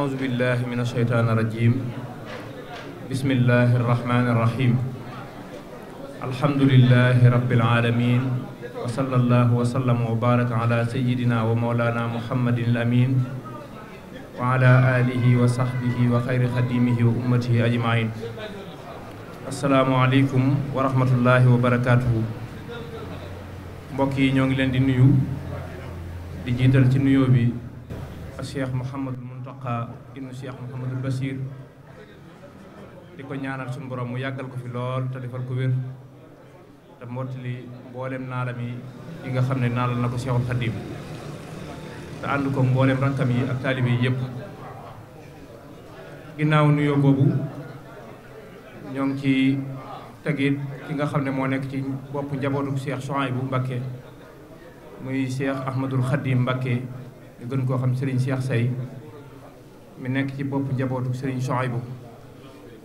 أعوذ بالله من الشيطان الرجيم بسم الله الرحمن الرحيم الحمد لله رب العالمين وصلى الله وسلم وبارك على سيدنا ومولانا محمد الأمين وعلى آله وصحبه وخير خديمه وأمته أجمعين السلام عليكم ورحمة الله وبركاته mbokk yi ñoo ngi leen di nuyu di jiital ci nuyoo bi Cheikh Mouhamadou Muntaqa ibnu Cheikh Mouhamadul Bachir di ko ñaanal suñu boroom mu yàggal ko fi lool te defal ko wér te mottali mbooleem naalam yi yi nga xam ne naalal na ko Cheikhul Khadim te ànd ko mboolem rakkam yi ak taalibe yi yëpp ginnaaw nuyoo boobu ñoo ngi ci tegit ki nga xam ne moo nekk ci bopp njabootu Cheikh bu Mbacké muy Cheikh Ahmadul Khadim Mbacké ñu gën koo xam Serigne Cheikh Say mi nekk ci bopp jabootu Serigne Souhaïbou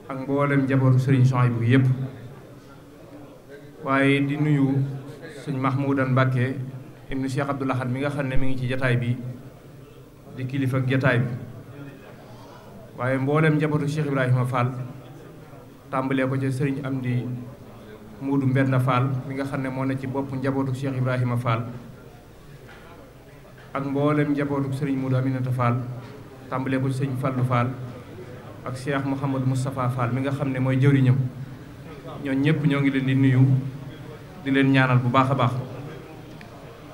ak mboolem njabootu sëriñ Serigne Souhaïbou yëpp waaye di nuyu sëñ Mahmoudan Mbacke ibnu Cheikh Abdoul Ahad mi nga xam ne mu ngi ci jataay bi di kilifa ak jataay bi waaye mboolem njabootu Cheikh Ibrahima Fall tàmbalee ko sëriñ Amdi Muudu Mbenn Fall mi nga xam ne moo ne ci bopp njabootu Cheikh Ibrahima Fall ak mboolem njabootu sëriñ Muudu Aminata Fall tàmbalee ko sëñ Fallou Fall ak Cheikh Mouhamadou Moustapha Fall mi nga xam ne mooy jëwriñam ñoom ñëpp ñoo ngi leen di nuyu di leen ñaanal bu baax a baax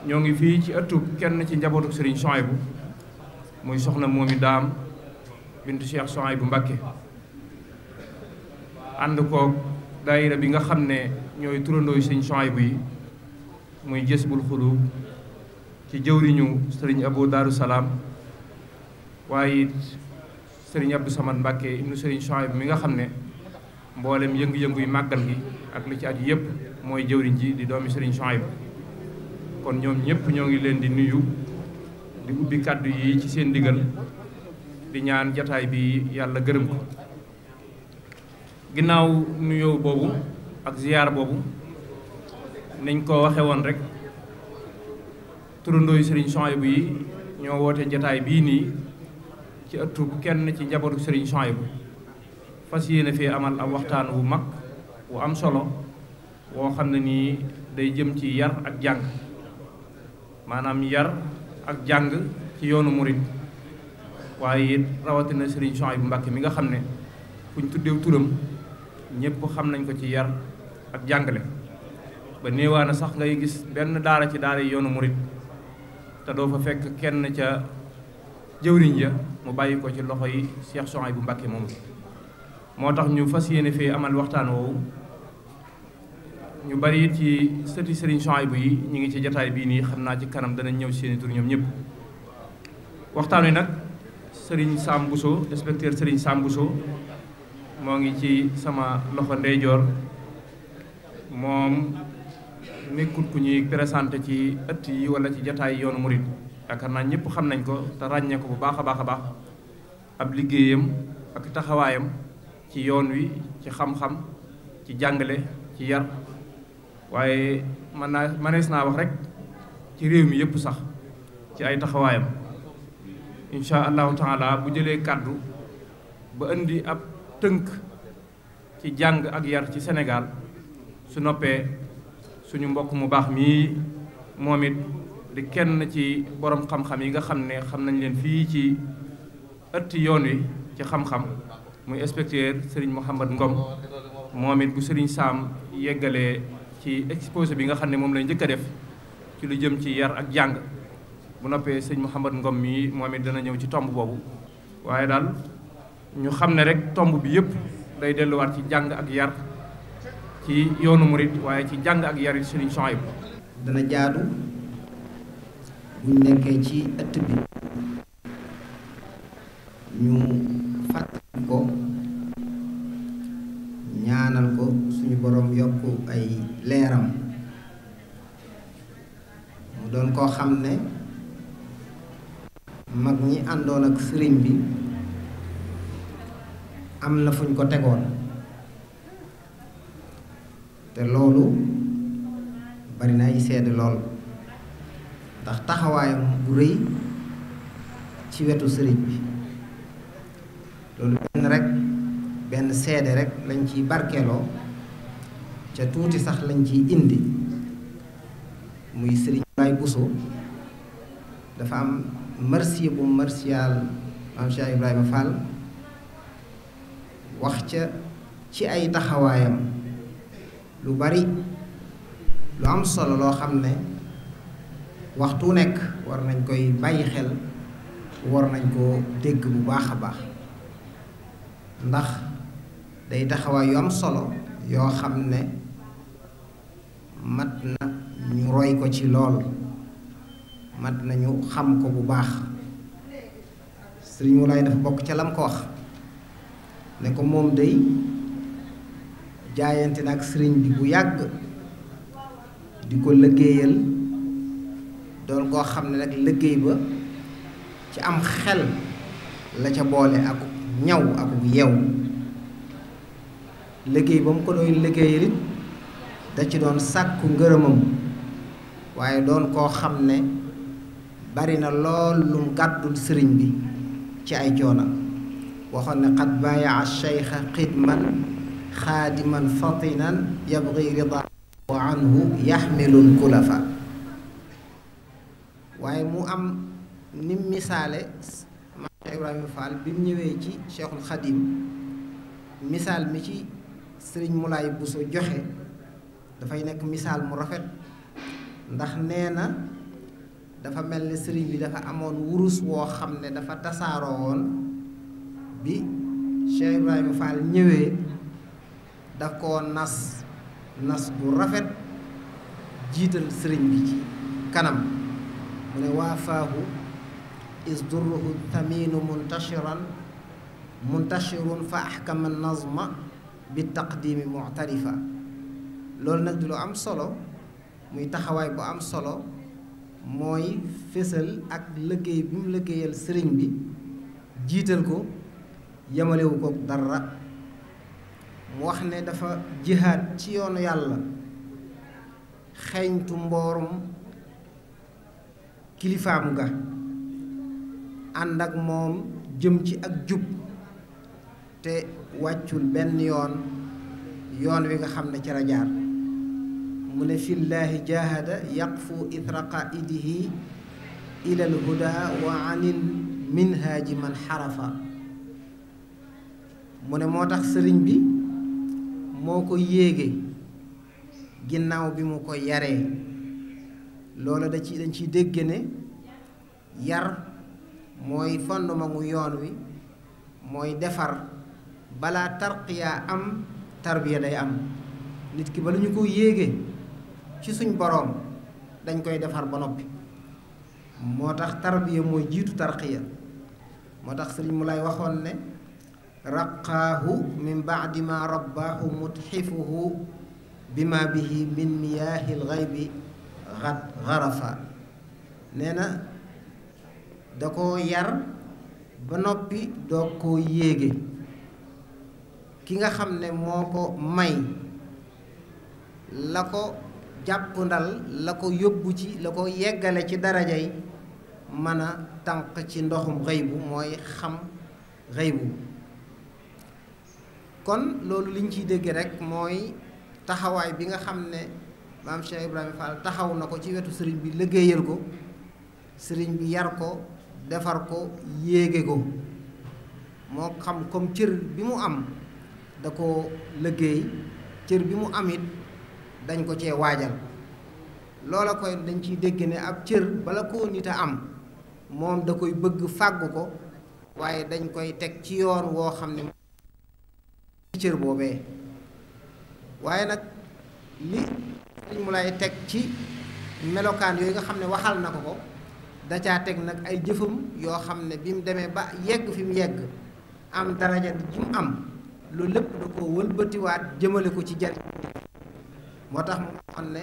ñoo ngi fii ci ëttu kenn ci njabootu Serigne Souhaïbou muy soxna moomi daam bintu Cheikh Souhaïbou Mbacké ànd koog daayira bi nga xam ne ñooy turandooyu Serigne Souhaïbou yi muy jës bul xulub ci jëwriñu sëriñ Abou Darou Salaam waaye it sëriñ Abdou Samad Mbacke ibnu sëriñ Chouaib mi nga xam ne mboolem yëngu-yëngu yu màggal gi ak lu ci aju yëpp mooy jëwriñ ji di doomi sëriñ Chouaib kon ñoom ñëpp ñoo ngi leen di nuyu di ubbi kàddu yi ci seen digal di ñaan jataay bi yàlla gërëm ginnaaw nuyoo boobu ak ziyaar boobu niñ ko waxewoon rek turandooyu sëriñ Chouaib yi ñoo woote jataay bii nii ci ëttu kenn ci njabootu Serigne Souhaïbou fas yéene fee amal ab waxtaan wu mag wu am solo woo xam ne nii day jëm ci yar ak jàng maanaam yar ak jàng ci yoonu murit waaye it rawatina Serigne Souhaïbou Mbacké mi nga xam ne fu tuddee tuddeew turam ñëpp xam nañ ko ci yar ak jàngale ba néewaana sax ngay gis benn daara ci daara yoonu murit te doo fa fekk kenn ca jëwriñ ya mu bàyyi ko ci loxo yi Cheikh Souhaïbou Mbacké moom moo tax ñu fas yéene fee amal waxtaan woowu ñu bari ci sëti Serigne Souhaïbou yi ñu ngi ci jataay bii nii xam naa ci kanam danañ ñëw seeni tur ñoom ñëpp waxtaan wi nag sëriñ Sam Bousso inspecteur Serigne Sam Bousso moo ngi ci sama loxo ndeyjoor moom nekkut ku ñuy présenté ci ëtt yi wala ci jataay yoonu murid yaakaar naa ñëpp xam nañ ko te ràññee ko bu baax a baax ab liggéeyam ak taxawaayam ci yoon wi ci xam-xam ci jàngale ci yar waaye mën naa mënees naa wax rek ci réew mi yëpp sax ci ay taxawaayam incha allahu taala bu jëlee kàddu ba indi ab tënk ci jàng ak yar ci Sénégal su noppee suñu mbokk mu baax mii moom it di kenn ci borom xam-xam yi nga xam ne xam nañ leen fii ci ëtt yoon wi ci xam-xam muy inspecteur Serigne Mouhamad Ngom moom it bu sëriñ Sam yeggalee ci exposé bi nga xam ne moom lañ njëkk a def ci lu jëm ci yar ak jàng bu noppee sëñ Mouhamad Ngom mii moom it dana ñëw ci tomb boobu waaye daal ñu xam ne rek tomb bi yëpp day delluwaat ci jàng ak yar ci yoonu murit waaye ci jàng ak yar yi Serigne Souhaïbou dana jaadu buñ nekkee ci ëtt bi ñu fàttali ko ñaanal ko suñu boroom yokk ay leeram mu doon koo xam ne mag ñi àndoon ak sëriñ bi am na fuñ ko tegoon te loolu bari na ay seede lool ndax taxawaayam bu rëy ci wetu sëriñ bi loolu benn rek benn seede rekk lañ ciy barkeeloo ca tuuti sax lañ ciy indi muy sëriñ Baay Buso dafa am merci bu martial maam Cheikh Ibrahima wax ca ci ay taxawaayam lu bari lu am solo loo xam ne waxtu nekk war nañ koy bàyyi xel war nañ koo dégg bu baax a baax ndax day taxawaay yu am solo yoo xam ne mat na ñu roy ko ci lool mat na ñu xam ko bu baax Sëriñ Moulay dafa bokk ca lam ko wax ne ko moom day jaayante na ak sëriñ bi bu yàgg di ko liggéeyal doon koo xam ne nag liggéey ba ci am xel la ca boole ak ñaw ak yew liggéey ba mu ko doon liggéeyal it da ci doon sàkku ngërëmam waaye doon koo xam ne bari na lool lum gàddul sëriñ bi ci ay joona waxoon ne xat baayaa cheikha xidman xaadiman fatinan yabgi rida wa anhu yaxmilul kulafa waaye mu am ni misaale Cheikh Ibrahima bi ñëwee ci Cheikhul Khadim misaal mi ci sëriñ Moulay Bousso joxe dafay nekk misaal mu rafet ndax nee na dafa mel ne sëriñ bi dafa amoon wurus woo xam ne dafa tasaaroo woon bi Cheikh Ibrahima Fall ñëwee daf koo nas nas bu rafet jiital sëriñ bi ci kanam mu ne waafaahu is durruhu tamiinu muntashiran muntashirun fa ahkama nazma bi taqdimi muctarifa loolu nag di lu am solo muy taxawaay bu am solo mooy fésal ak liggéey bi mu liggéeyal sëriñ bi jiital ko yëmalewu ko dara mu wax ne dafa jihaad ci yoonu yàlla xeeñtu mboorum kilifaam nga ànd ak moom jëm ci ak jub te wàccul benn yoon yoon wi nga xam ne ci la jaar mu ne fillaahi jahada yaqfu ithra qaidihi ila alhuda wa anil minhaaji man xarafa mu ne moo tax sëriñ bi moo ko yéege ginnaaw bi mu ko yare loola da ci dañ ciy dégg yar mooy fondement mu yoon wi mooy defar balaa tarqiyaa am tarbiya day am nit ki bala ñu ko yéege ci suñ boroom dañ koy defar ba noppi moo tax tarbiya mooy jiitu tarqiya moo tax sëriñ mu lay waxoon ne raqaahu min baadi ma rabbaahu mutxifuhu bima bihi min miyaahi bi xarafa nee na da koo yar ba noppi doo koo yéege ki nga xam ne moo ko may la ko jàppandal la ko yóbbu ci la ko yeggale ci darajay mën a tànq ci ndoxum xëybu mooy xam xëybu kon loolu liñ ciy dégg rekk mooy taxawaay bi nga xam ne maam Cheikh Ibrahima Fall taxaw na ko ci wetu sëriñ bi liggéeyal ko sëriñ bi yar ko defar ko yéege ko moo xam comme cër bi mu am da ko liggéey cër bi mu am dañ ko cee waajal loola koy dañ ciy dégg ne ab cër bala koo nit a am moom da koy bëgg fàggu ko waaye dañ koy teg ci yoon woo xam ne cër boobee waaye nag li sëñ mu lay teg ci melokaan yooyu nga xam ne waxal na ko ko da caa teg nag ay jëfam yoo xam ne bi mu demee ba yegg fi mu yegg am daraja ji mu am loolu lépp da ko wëlbatiwaat jëmale ko ci jariñ moo tax mu waxoon ne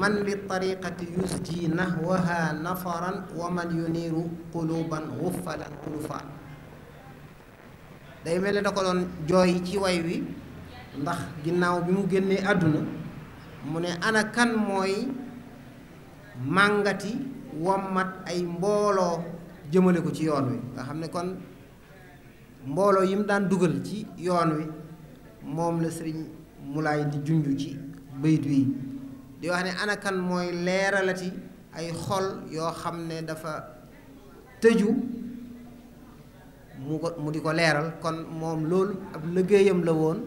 man li tariqati yusji nahwaha nafaran wa man yuniiru quluban xuffalan xulufaan day mel da ko doon jooy ci way wi ndax ginnaaw bi mu génnee àdduna mu ne anakan kan mooy màngati wommat ay mbooloo jëmale ko ci yoon wi nga xam ne kon mbooloo yi mu daan dugal ci yoon wi moom la sëriñ Mulaay di junju ci bayit wi di wax ne ana mooy leeralati ay xol yoo xam ne dafa tëju mu ko mu di ko leeral kon moom loolu ab liggéeyam la woon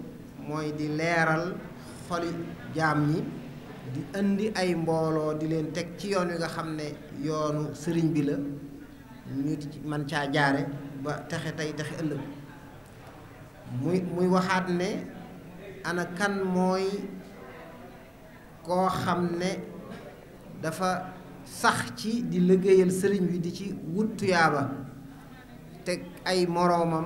mooy di leeral xoli jaam yi di indi ay mbooloo di leen teg ci yoon wi nga xam ne yoonu sëriñ bi la ñu man caa jaare ba texe tey texe ëllëg muy muy waxaat ne ana kan mooy koo xam ne dafa sax ci di liggéeyal sëriñ bi di ci wut tuyaaba teg ay moroomam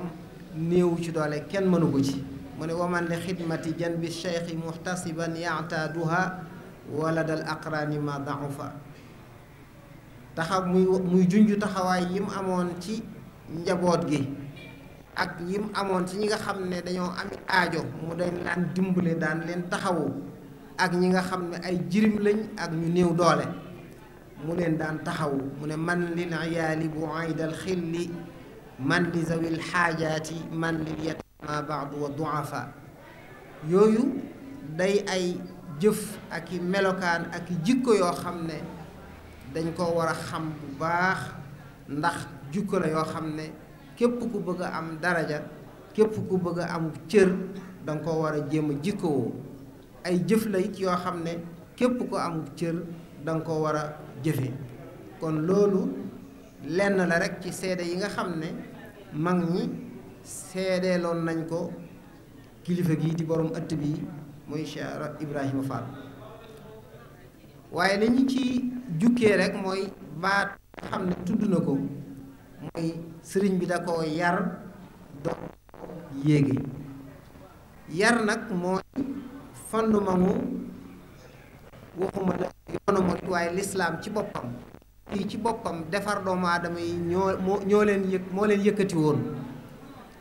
néewu ci doole kenn mënu ko ci mu ne waman li xidmati janbi cheikhi muhtasiban yataaduha waladal aqraani ma daxufa taxaw muy muy junj taxawaay yim amoon ci njaboot gi ak yim amoon ci ñi nga xam ne dañoo am aajo mu dañ daan dimbale daan leen taxawu ak ñi nga xam ne ay jirim lañ ak ñu néew doole mu leen daan taxawu mu ne man lil iyaali bu aydal xilli man li zawil xaajaati man lil yet ma baadu wa duafa yooyu day ay jëf ak i melokaan ak i jikko yoo xam ne dañ ko war a xam bu baax ndax jukko la yoo xam ne képp ku bëgg am daraja képp ku bëgg a am cër danga ko war a jéem a jikkowoo ay jëf la it yoo xam ne képp ku am cër danga ko war a jëfe kon loolu lenn la rekk ci seede yi nga xam ne mag ñi seedeeloon nañ ko kilifa gi di boroom ëtt bi muy Cheikh Ibrahima Fall waaye li ñu ci jukkee rek mooy baat xam ne tudd na ko mooy sëriñ bi da koo yar do yéegi yar nag mooy fondement waaye lislaam ci boppam kii ci boppam defar doomu aadama yi ñoo moo ñoo leen yëg moo leen yëkkati woon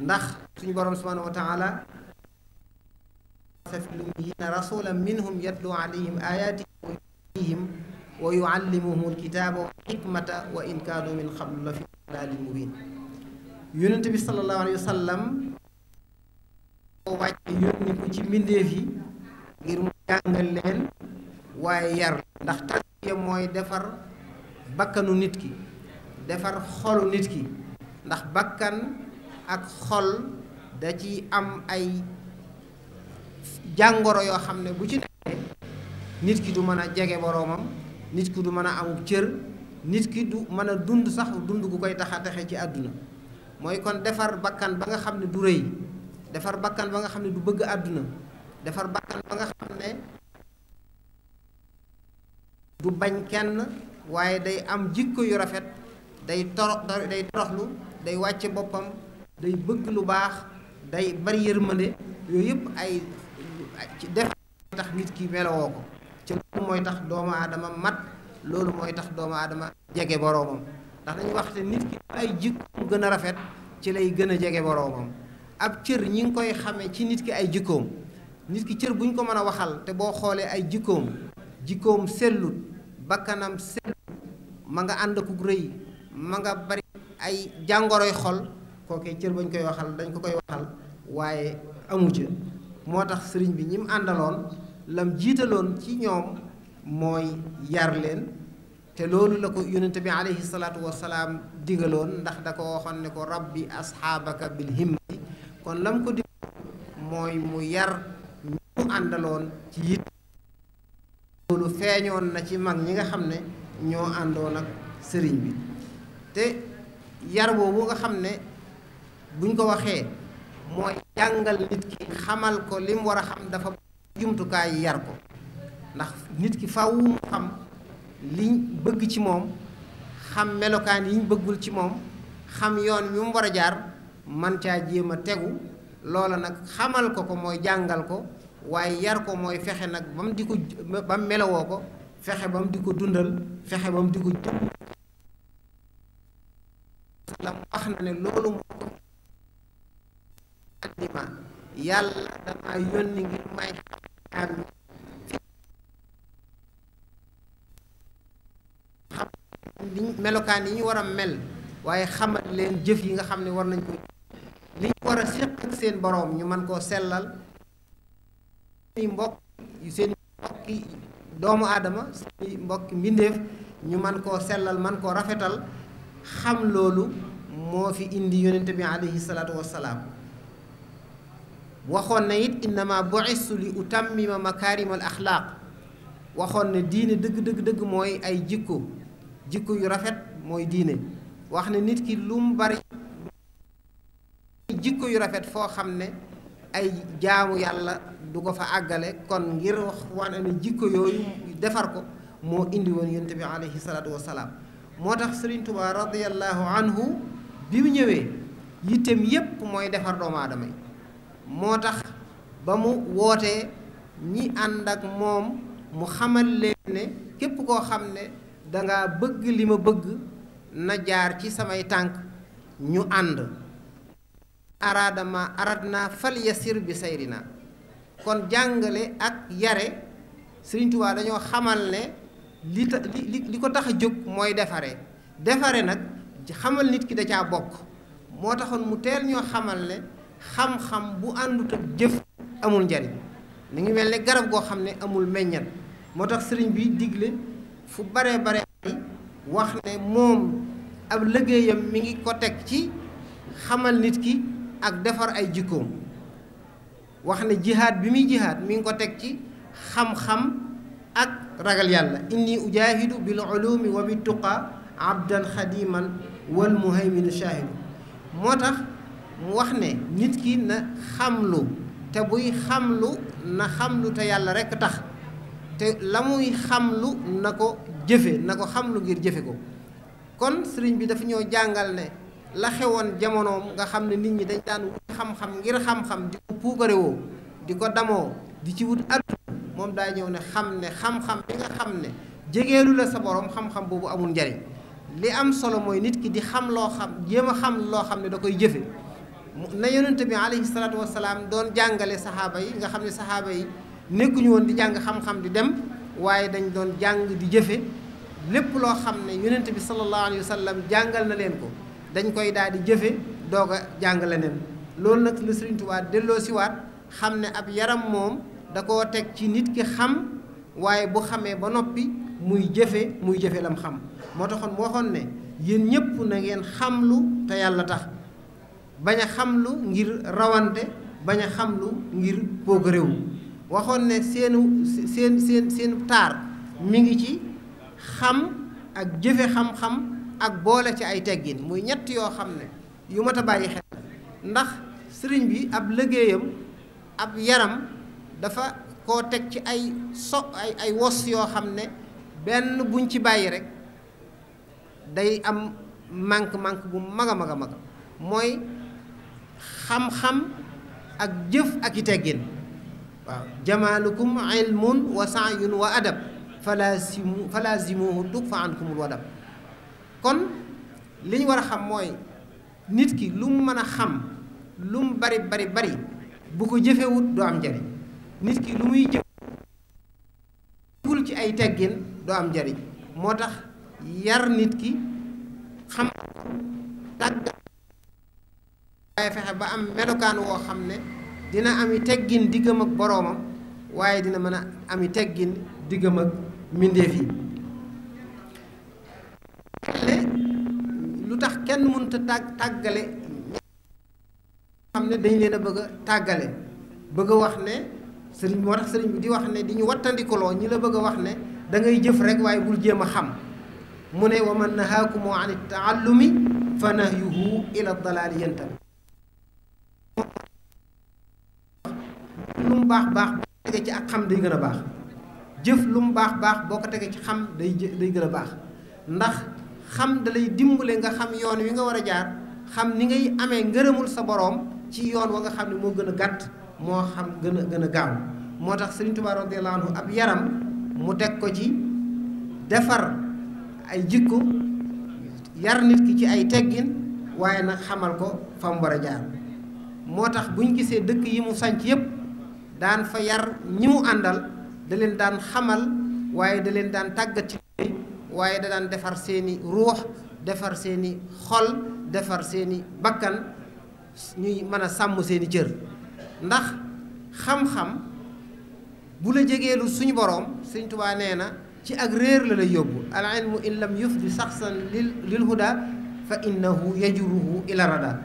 ndax suñu borom subhanahu wa taala fafilumihina rasulan minhum yatlu alayhim ayatihim wa yuhim wa yuallimuhum alkitaba wa hikmata wa in kaanu min qablu la fi dalalin mubin yonent bi sallallahu alayhi wa sallam ko wàcc yónni ko yi ngir mu jàngal leen waaye yar ndax tarbiya mooy defar bakkanu nit ki defar xolu nit ki ndax bakkan ak xol da ci am ay jàngoro yoo xam ne bu ci nekkee nit ki du mën a jege boroomam nit ki du mën a amub cër nit ki du mën a dund sax dund ku koy tax a texe ci àdduna mooy kon defar bakkan ba nga xam ne du rëy defar bakkan ba nga xam ne du bëgg àdduna defar bakkan ba nga bañ kenn waaye day am jikko yu rafet day toro day toroxlu day wàcce boppam day bëgg lu baax day bari yërmande yooyu yëpp ay ci def tax nit ki melowoo ko ci loolu mooy tax doomu aadama mat loolu mooy tax doomu aadama jege boroomam ndax dañuy wax te nit ki ay jikkoom gën a rafet ci lay gën a jege boroomam cër ñi ngi koy xamee ci nit ki ay jikkoom nit ki cër buñ ko mën a waxal te boo xoolee ay jikkoom jikkoom sellut bakkanam sellut ma nga ànd akuk rëy ma nga bari ay jàngoroy xol kookee cër bañ koy waxal dañ ko koy waxal waaye amu ca moo tax sëriñ bi ñim mu àndaloon lam jiitaloon ci ñoom mooy yar leen te loolu la ko yonent bi alayhi salaatu wasalaam digaloon ndax da ko waxoon ne ko rabbi asxaabaka bil himmati kon lam ko digal mooy mu yar ñu àndaloon ci yit loolu feeñoon na ci mag ñi nga xam ne ñoo àndoon ak sëriñ bi te yar boobu nga xam ne buñ ko waxee mooy jàngal nit ki xamal ko li mu war a xam dafa jumtukaay yi yar ko ndax nit ki faw mu xam liñ bëgg ci moom xam melokaan yiñ bëggul ci moom xam yoon wi mu war a jaar man caa jéem a tegu loola nag xamal ko ko mooy jàngal ko waaye yar ko mooy fexe nag ba mu di ko ba mu melowoo ko fexe ba mu di ko dundal fexe ba mu di ko jëm wax na ne loolu moo yàlla dama yónni ngir may melokaan yi ñu war a mel waaye xamal leen jëf yi nga xam ne war nañ ko li ñu war a séq ak seen boroom ñu mën koo sellal seen mbokk doomu aadama seen mbokki mbindeef ñu mën koo sellal mën koo rafetal xam loolu moo fi indi yonent bi alayhi salaatu wassalaam waxoon na it innama bu'istu li utammima makaarimal axlaaq waxoon na diine dëgg dëgg dëgg mooy ay jikko jikko yu rafet mooy diine wax ne nit ki lu mu bari jikko yu rafet foo xam ne ay jaamu yàlla du ko fa àggale kon ngir wax wane ne jikko yooyu defar ko moo indi woon yonent bi alayhi salaatu wasalaam moo tax Sëriñ Tuubaa radiyallahu anhu bi mu ñëwee yitteem yépp mooy defar doomu aadama yi moo tax ba mu wootee ñi ànd ak moom mu xamal leen ne képp koo xam ne danga bëgg li ma bëgg na jaar ci samay tànk ñu ànd araadama aradna fal yasir bi sayrina kon jàngale ak yare Sëriñ dañoo xamal ne li li ko tax a jóg mooy defare defare nag xamal nit ki da caa bokk moo taxoon mu teel ñoo xamal ne xam-xam bu àndut ak jëf amul njariñ mu ngi mel ni garab goo xam ne amul meññan moo tax sëriñ bi digle fu bare bare ay wax ne moom ab liggéeyam mi ngi ko teg ci xamal nit ki ak defar ay jikkoom wax ne jihaad bi muy jihaad mi ngi ko teg ci xam-xam ak ragal yàlla inni ujahidu bil ulumi wa bi tuqa abdan xadiman wal muhaymin shahidu moo tax mu wax ne nit ki na xamlu te buy xamlu na xamlu te yàlla rekk tax te la muy xamlu na ko jëfe na ko xamlu ngir jëfe ko kon sëriñ bi dafa ñëw jàngal ne la xewoon jamonoom nga xam ne nit ñi dañ daan wut xam-xam ngir xam-xam di ko puukarewoo di ko damoo di ci wut addu moom daa ñëw ne xam ne xam-xam bi nga xam ne jegeelu la sa borom xam-xam boobu amul njariñ li am solo mooy nit ki di xam loo xam jéem a xam loo xam ne da koy jëfe na yonent bi alayhi salaatu wasalaam doon jàngale saxaaba yi nga xam ne saxaaba yi nekkuñu woon di jàng xam-xam di dem waaye dañ doon jàng di jëfe lépp loo xam ne yonent bi sallallahu alayhi wa sallam jàngal na leen ko dañ koy daal di jëfe doog a jàng leneen loolu nag la Sëriñ delloo siwaat xam ne ab yaram moom da koo teg ci nit ki xam waaye bu xamee ba noppi muy jëfe muy jëfe lam xam moo taxoon mu waxoon ne yéen ñëpp na ngeen lu te yàlla tax bañ a xam lu ngir rawante bañ a xam lu ngir pooga réew waxoon ne seenu seen seen seenu taar mi ngi ci xam ak jëfe xam-xam ak boole ci ay teggin muy ñett yoo xam ne yu mat a bàyyi xel ndax sëriñ bi ab liggéeyam ab yaram dafa ko teg ci ay so ay ay wos yoo xam ne benn buñ ci bàyyi rek day am manque-manque bu mag a mag a mag mooy xam-xam ak jëf ak i teggin waaw jamaalukum ilmun wa saayun wa adab falaazimu falaazimuhu tukfa ankumul wadab kon li ñu war a xam mooy nit ki lu mu mën a xam lu mu bari bari bari bu ko jëfewut doo am njariñ nit ki lu muy jëfewul ci ay teggin doo am njariñ moo tax yar nit ki xam waaye fexe ba am melokaan woo xam ne dina ami teggin diggam ak boroomam waaye dina mën a ami teggin diggam ak mbindéef yi lu tax kenn mënta tàgg tàggale xam ne dañ leen a bëgg tàggale bëgg a wax ne sëriñ moo tax sëriñ di wax ne di ñu wattandikuloo ñi la bëgg a wax ne dangay jëf rek waaye bul jéem a xam mu ne mën man nahaakumoo an it taallumi fa nahyuhu ila dalaali yantabi lu mu baax baax boo ko tegee ci ak xam day gën a baax jëf lu mu baax baax boo ko tegee ci xam day day gën a baax ndax xam dalay dimbale nga xam yoon wi nga war a jaar xam ni ngay amee ngërëmul sa boroom ci yoon wa nga xam ne moo gën a gàtt moo xam gën a gën a gaaw moo tax Sëriñ Tuubaa radiyallaahu anhu ab yaram mu teg ko ci defar ay jikko yar nit ki ci ay teggin waaye na xamal ko fa mu war a jaar moo tax buñ gisee dëkk yi mu sanc yépp daan fa yar ñi mu àndal daleen daan xamal waaye da leen daan tàggat ci waaye da daan defar seeni ruux defar seeni xol defar seeni bakkan ñuy mën a sàmm seeni cër ndax xam-xam bu la jegeelu suñu boroom Sëñ Tuubaa nee na ci ak réer la lay yóbbu al ilmu in lam yufdi saxsan lil lil huda fa innahu yajuruhu ila rada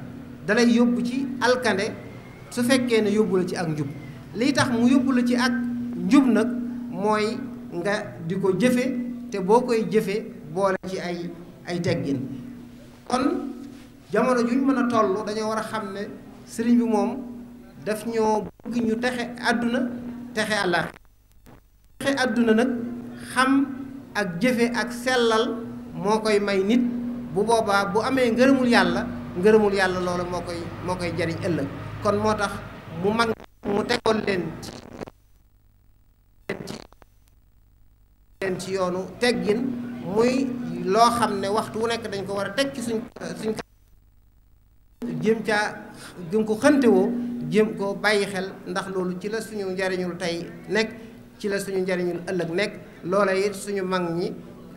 dalay yóbbu ci alkande su fekkee ne yóbbu la ci ak njub lii tax mu yóbbu la ci ak njub nag mooy nga di ko jëfe te boo koy jëfe boole ci ay ay teggin kon jamono juñ mën a toll dañoo war a xam ne sëriñ bi moom daf ñoo bëgg ñu texe àdduna texe àllaax texe nag xam ak jëfe ak sellal moo koy may nit bu boobaa bu amee ngërëmul yàlla ngërëmul yàlla loolu moo koy moo koy jariñ ëllëg kon moo tax mu mag mu tegoon leen ci yoonu teggin muy loo xam ne waxtu wu nekk dañ ko war a teg ci suñ suñ jëm caa jëm ko xëntewoo jëm ko bàyyi xel ndax loolu ci la suñu njariñul tey nekk ci la suñu njariñul ëllëg nekk loola it suñu mag ñi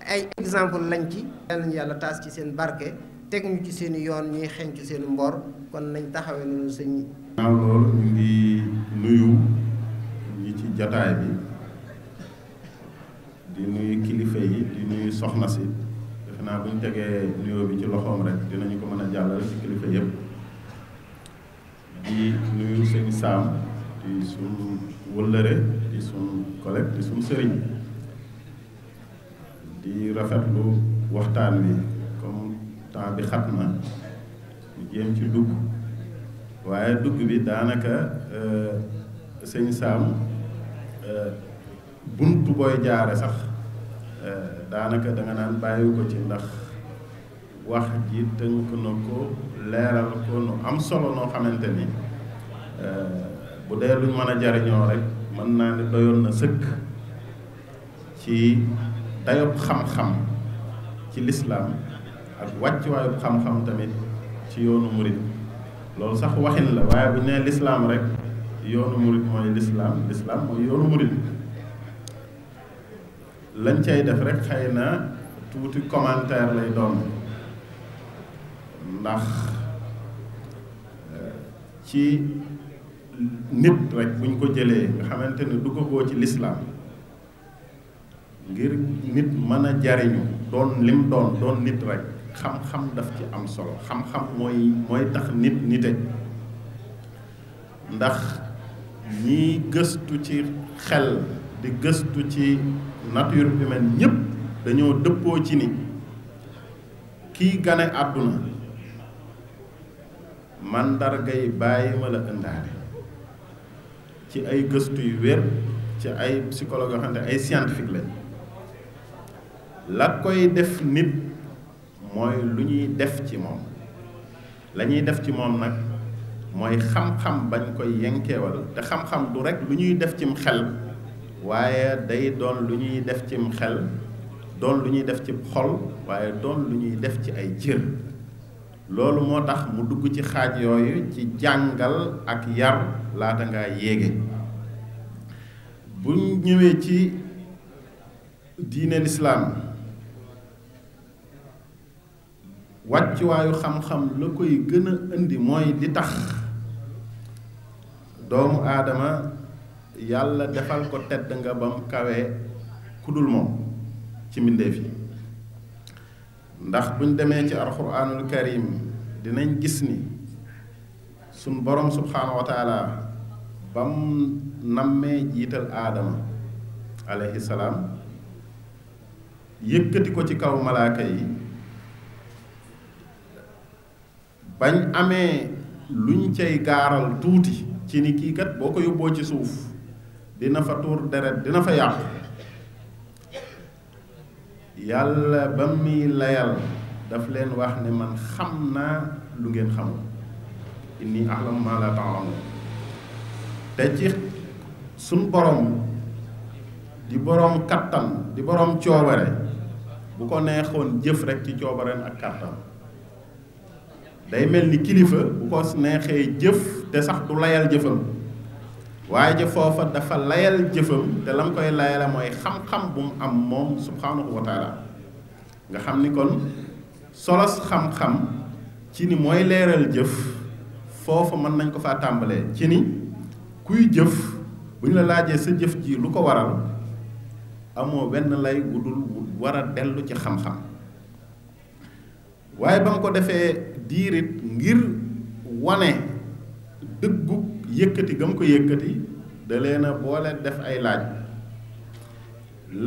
ay exemple lañ ci yàlla yàlla taas ci seen barke teg ñu ci seen yoon ñuy xeeñ ci seen mbor kon nañ taxawee noonu sëñ ñi. naaw loolu ngi nuyu ñi ci jataay bi di nuyu kilifa yi di nuyu soxna si defe naa bu ñu tegee nuyoo ko mën a jàllale ci kilifa yépp di nuyu sëñ Saam di suñu wëllëre di suñu collègue di suñu sëriñ di rafetlu waxtaan wi. temps bi xat na ñu jéem ci dugg waaye dugg bi daanaka euh, sëñ Saam euh, buntu booy jaare sax euh, daanaka da naan bàyyi ko ci ndax wax ji tënk na ko leeral ko nu am solo noo xamante ni bu dee luñ mën a jariñoo rek mën naa ni doyoon na sëkk ci dayob xam-xam ci lislaam ak wàccuwaayu xam-xam tamit ci yoonu murit loolu sax waxin la waaye bu nee lislaam rek yoonu murit mooy lislaam lislaam mooy yoonu murit lañ cay def rek xëy na tuuti commentaire lay doon ndax euh, ci nit rek buñ ko jëlee nga xamante ni du ko ci lislaam ngir nit mën a jariñu doon lim doon doon nit rek xam-xam daf ci am solo xam-xam mooy mooy tax nit nite ndax ñiy gëstu ci xel di gëstu ci nature humaine ñëpp dañoo dëppoo ci ni kiy gane àdduna màndargay bàyyi ma la ëndaale ci ay gëstu yu wér ci ay psychologue yoo ay scientifique lañ la koy def nit mooy lu ñuy def ci moom lañuy def ci moom nag mooy xam-xam bañ koy yenkeewal te xam-xam du rekk lu ñuy def cim xel waaye day doon lu ñuy def cim xel doon lu ñuy def ci xol waaye doon lu ñuy def ci ay cër loolu moo tax mu dugg ci xaaj yooyu ci jàngal ak yar laata ngaa yéege bu ñëwee ci diine lislaam wàccuwaayu xam-xam la koy gën a indi mooy di tax doomu aadama yàlla defal ko tedd nga ba mu kawee ku dul moom ci mbindeef yi ndax buñ demee ci alxuraanul karim dinañ gis ni suñ borom subxanahu wa taala ba mu nammee jiital aadama aleyhi salaam yëkkati ko ci kaw malaaka yi bañ amee lu ñu cay gaaral tuuti ci ni kii kat boo ko yóbboo ci suuf dina fa tuur deret dina fa yàqu yàlla ba muy layal daf leen wax ni man xam naa lu ngeen xamul inni a'lamu ma la ta'lamun te ci suñ borom di borom kattan di borom coobare bu ko neexoon jëf rek ci coobareen ak kattan day mel ni kilifa bu ko neexee jëf te sax du layal jëfam waaye ja foofa dafa layal jëfam te lam koy layala mooy xam-xam bu mu am moom subhaanahu wa nga xam ni kon solos xam-xam ci ni mooy leeral jëf foofa mën nañ ko fa tàmbalee ci ni kuy jëf bu ñu la laajee sa jëf ji lu ko waral amoo benn lay wu dul dellu ci xam-xam waaye ba mu ko defee diirit ngir wane dëggug yëkkati gam ko yëkkati da leen boole def ay laaj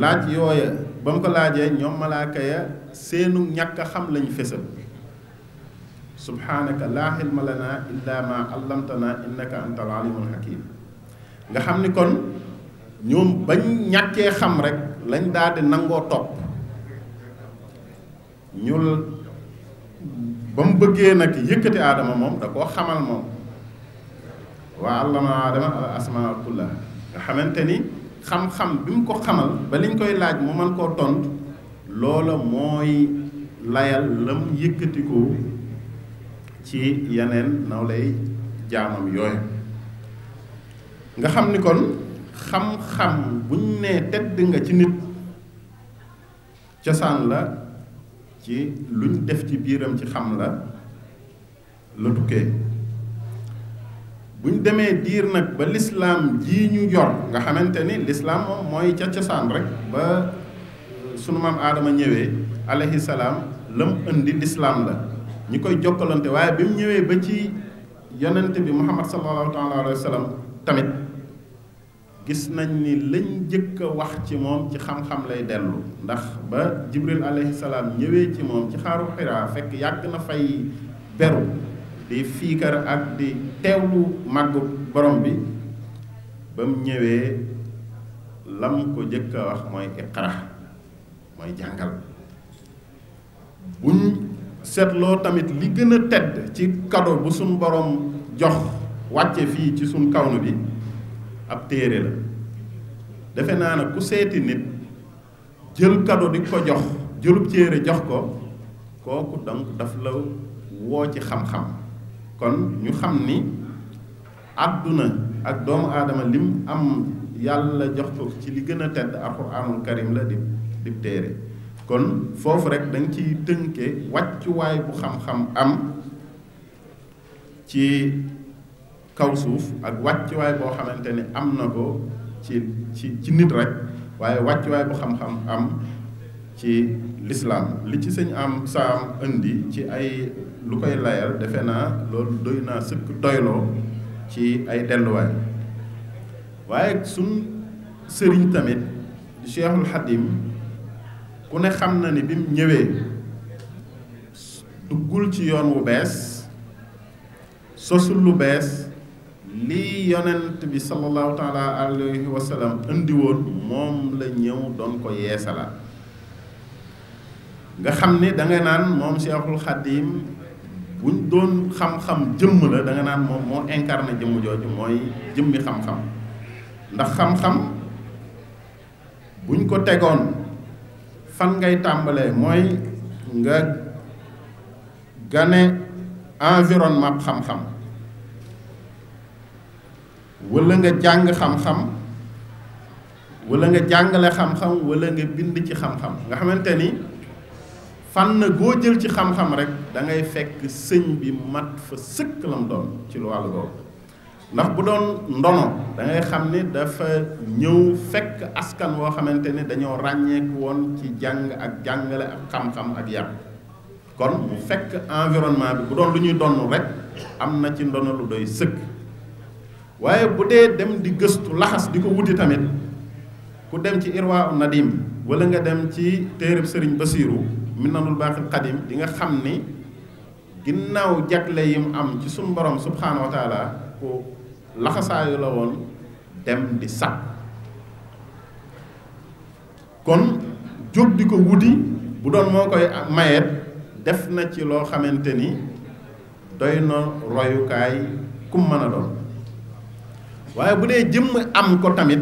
laaj yooya ba mu ko laajee ñoom malaaka ya seenu ñàkk xam lañu fésal subhaanaka laa xilma lanaa illaa maa innaka antal alimul hakim nga xam ni kon ñoom bañ ñàkkee xam rekk lañ daal nangoo topp ñul ba mu bëggee nag yëkkati aadama moom da koo xamal moom waa allama aadama al asmaa kullaha nga xamante ni xam-xam bi mu ko xamal ba liñ koy laaj mu man koo tontu loola mooy layal la mu yëkkati ko ci yeneen naw lay jaamam yooyu nga xam ni kon xam-xam buñ nee tedd nga ci nit cosaan la ci luñ def ci biiram ci xam la la bu buñ demee diir nag ba lislaam ji ñu yor nga xamante ni lislaam mooy ca cosaan rekk ba euh, sunu maam aadama ñëwee alayhi lam la indi lislaam la ñu koy jokkalante waaye bi mu ñëwee ba ci yonent bi muhammad sallallahu taala alayhi wa sallam tamit gis nañ ni lañ njëkk a wax ci moom ci xam-xam lay dellu ndax ba jibril alayhi salaam ñëwee ci moom ci xaaru xiraa fekk yàgg na fay beru di fiikar ak di teewlu màgg borom bi ba mu ñëwee lam ko njëkk wax mooy iqra mooy jàngal buñ seetloo tamit li gën a tedd ci cadeau bu suñ borom jox wàcce fii ci suñ kawnu bi ab téere la defe naa ne ku seeti nit jël kado di ko jox jëlub céere jox ko kooku donc daf la woo ci xam-xam kon ñu xam ni àdduna ak doomu aadama lim am yàlla jox ko ci li gën a tedd alxuraanul karim la di di téere kon foofu rekk dañ ciy tënke wàccuwaay bu xam-xam am ci kaw suuf ak wàccuwaay boo xamante ni am na ko ci ci ci nit rek waaye wàccuwaay bu xam-xam am ci lislaam li ci sëñ am saam indi ci ay lu koy layal defe naa loolu doy naa sëkk doyloo ci ay delluwaay waaye suñ sëriñ tamit Cheikhul Xadim ku ne xam na ni bim ñëwee duggul ci yoon wu bees sosul lu bees li yonent bi sallallahu taala alayhi wa sallam indi woon moom la ñëw doon ko yeesalaat nga xam ni da nga naan moom Cheikhul Khadim buñ doon xam-xam jëmm la da naan moom moo incarné jëmm jooju mooy jëmmi xam-xam ndax xam-xam buñ ko tegoon fan ngay tàmbalee mooy nga gane environnement xam-xam wala nga jàng xam-xam wala nga jàngale xam-xam wala nga bind ci xam-xam nga xamante ni fànn goo jël ci xam-xam rek dangay fekk sëñ bi mat fa sëkk lam doon ci lu wàll googu ndax bu doon ndono da ngay xam ni dafa ñëw fekk askan woo xamante ni dañoo ràññeeku woon ci jàng ak jàngale ak xam-xam ak yàpp kon mu fekk environnement bi bu doon lu donn rekk am na ci ndono lu doy sëkk waaye bu dee dem di gëstu laxas di ko wuti tamit ku dem ci irwa nadim wala nga dem ci téereb sëriñ basiiru minanul baaxil xadim di nga xam ni ginnaaw jagle yim am ci suñu borom subhaanahu wa taala ku laxasaayu la woon dem di sàkk kon jóg di ko wuti bu doon moo koy mayeet def na ci loo xamante ni doy na royukaay kum mën doon waaye bu dee jëmm am ko tamit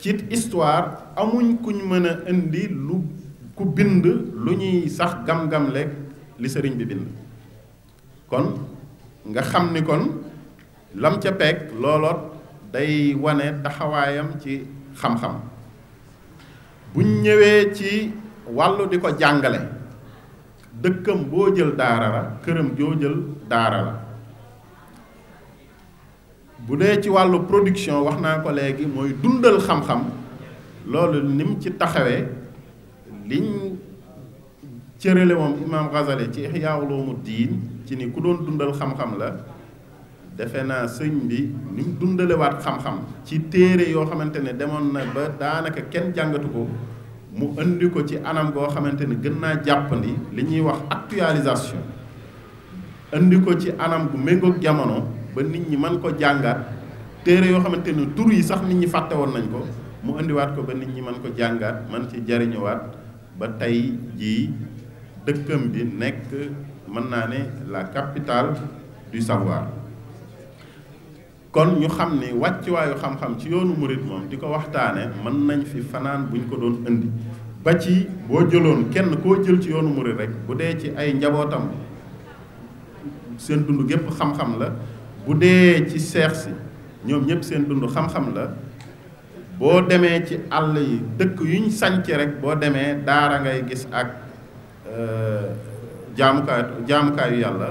ci histoire amuñ kuñ mën a indi lu ku bind lu ñuy sax gam-gam lekk li sëriñ bi bind kon nga xam ni kon lam ca peeg looloo day wane taxawaayam ci xam-xam buñ ñëwee ci wàllu di ko jàngale dëkkam boo jël daara la këram joo jël daara la bu dee ci wàllu production wax naa ko léegi mooy dundal xam-xam loolu nim ci taxawee liñ cërale moom imaam Ghazali ci Ihya Ulumuddin ci ni ku doon dundal xam-xam la defe naa sëñ bi ni dundalewaat xam-xam ci téere yoo xamante ne demoon na ba daanaka kenn jàngatu ko mu indi ko ci anam goo xamante ne gën naa jàppandi li ñuy wax actualisation indi ko ci anam bu méngoog jamono ba nit ñi mën ko jàngaat téere yoo xamante ni tur yi sax nit ñi fàtte woon nañ ko mu indiwaat ko ba nit ñi mën ko jàngaat man ci jariñuwaat ba tey jii dëkkam bi nekk mën naa ne la capitale du savoir kon ñu xam ne wàccuwaayu xam-xam ci yoonu murit moom di ko waxtaane mën nañ fi fanaan buñ ko doon indi ba ci boo jëloon kenn koo jël ci yoonu murit rek bu dee ci ay njabootam seen dund gépp xam-xam la bu dee ci seex si ñoom ñëpp seen dund xam-xam la boo demee ci àll yi dëkk yuñ sànc rek boo demee daara ngay gis ak euh, jaamukaay jaamukaayu yàlla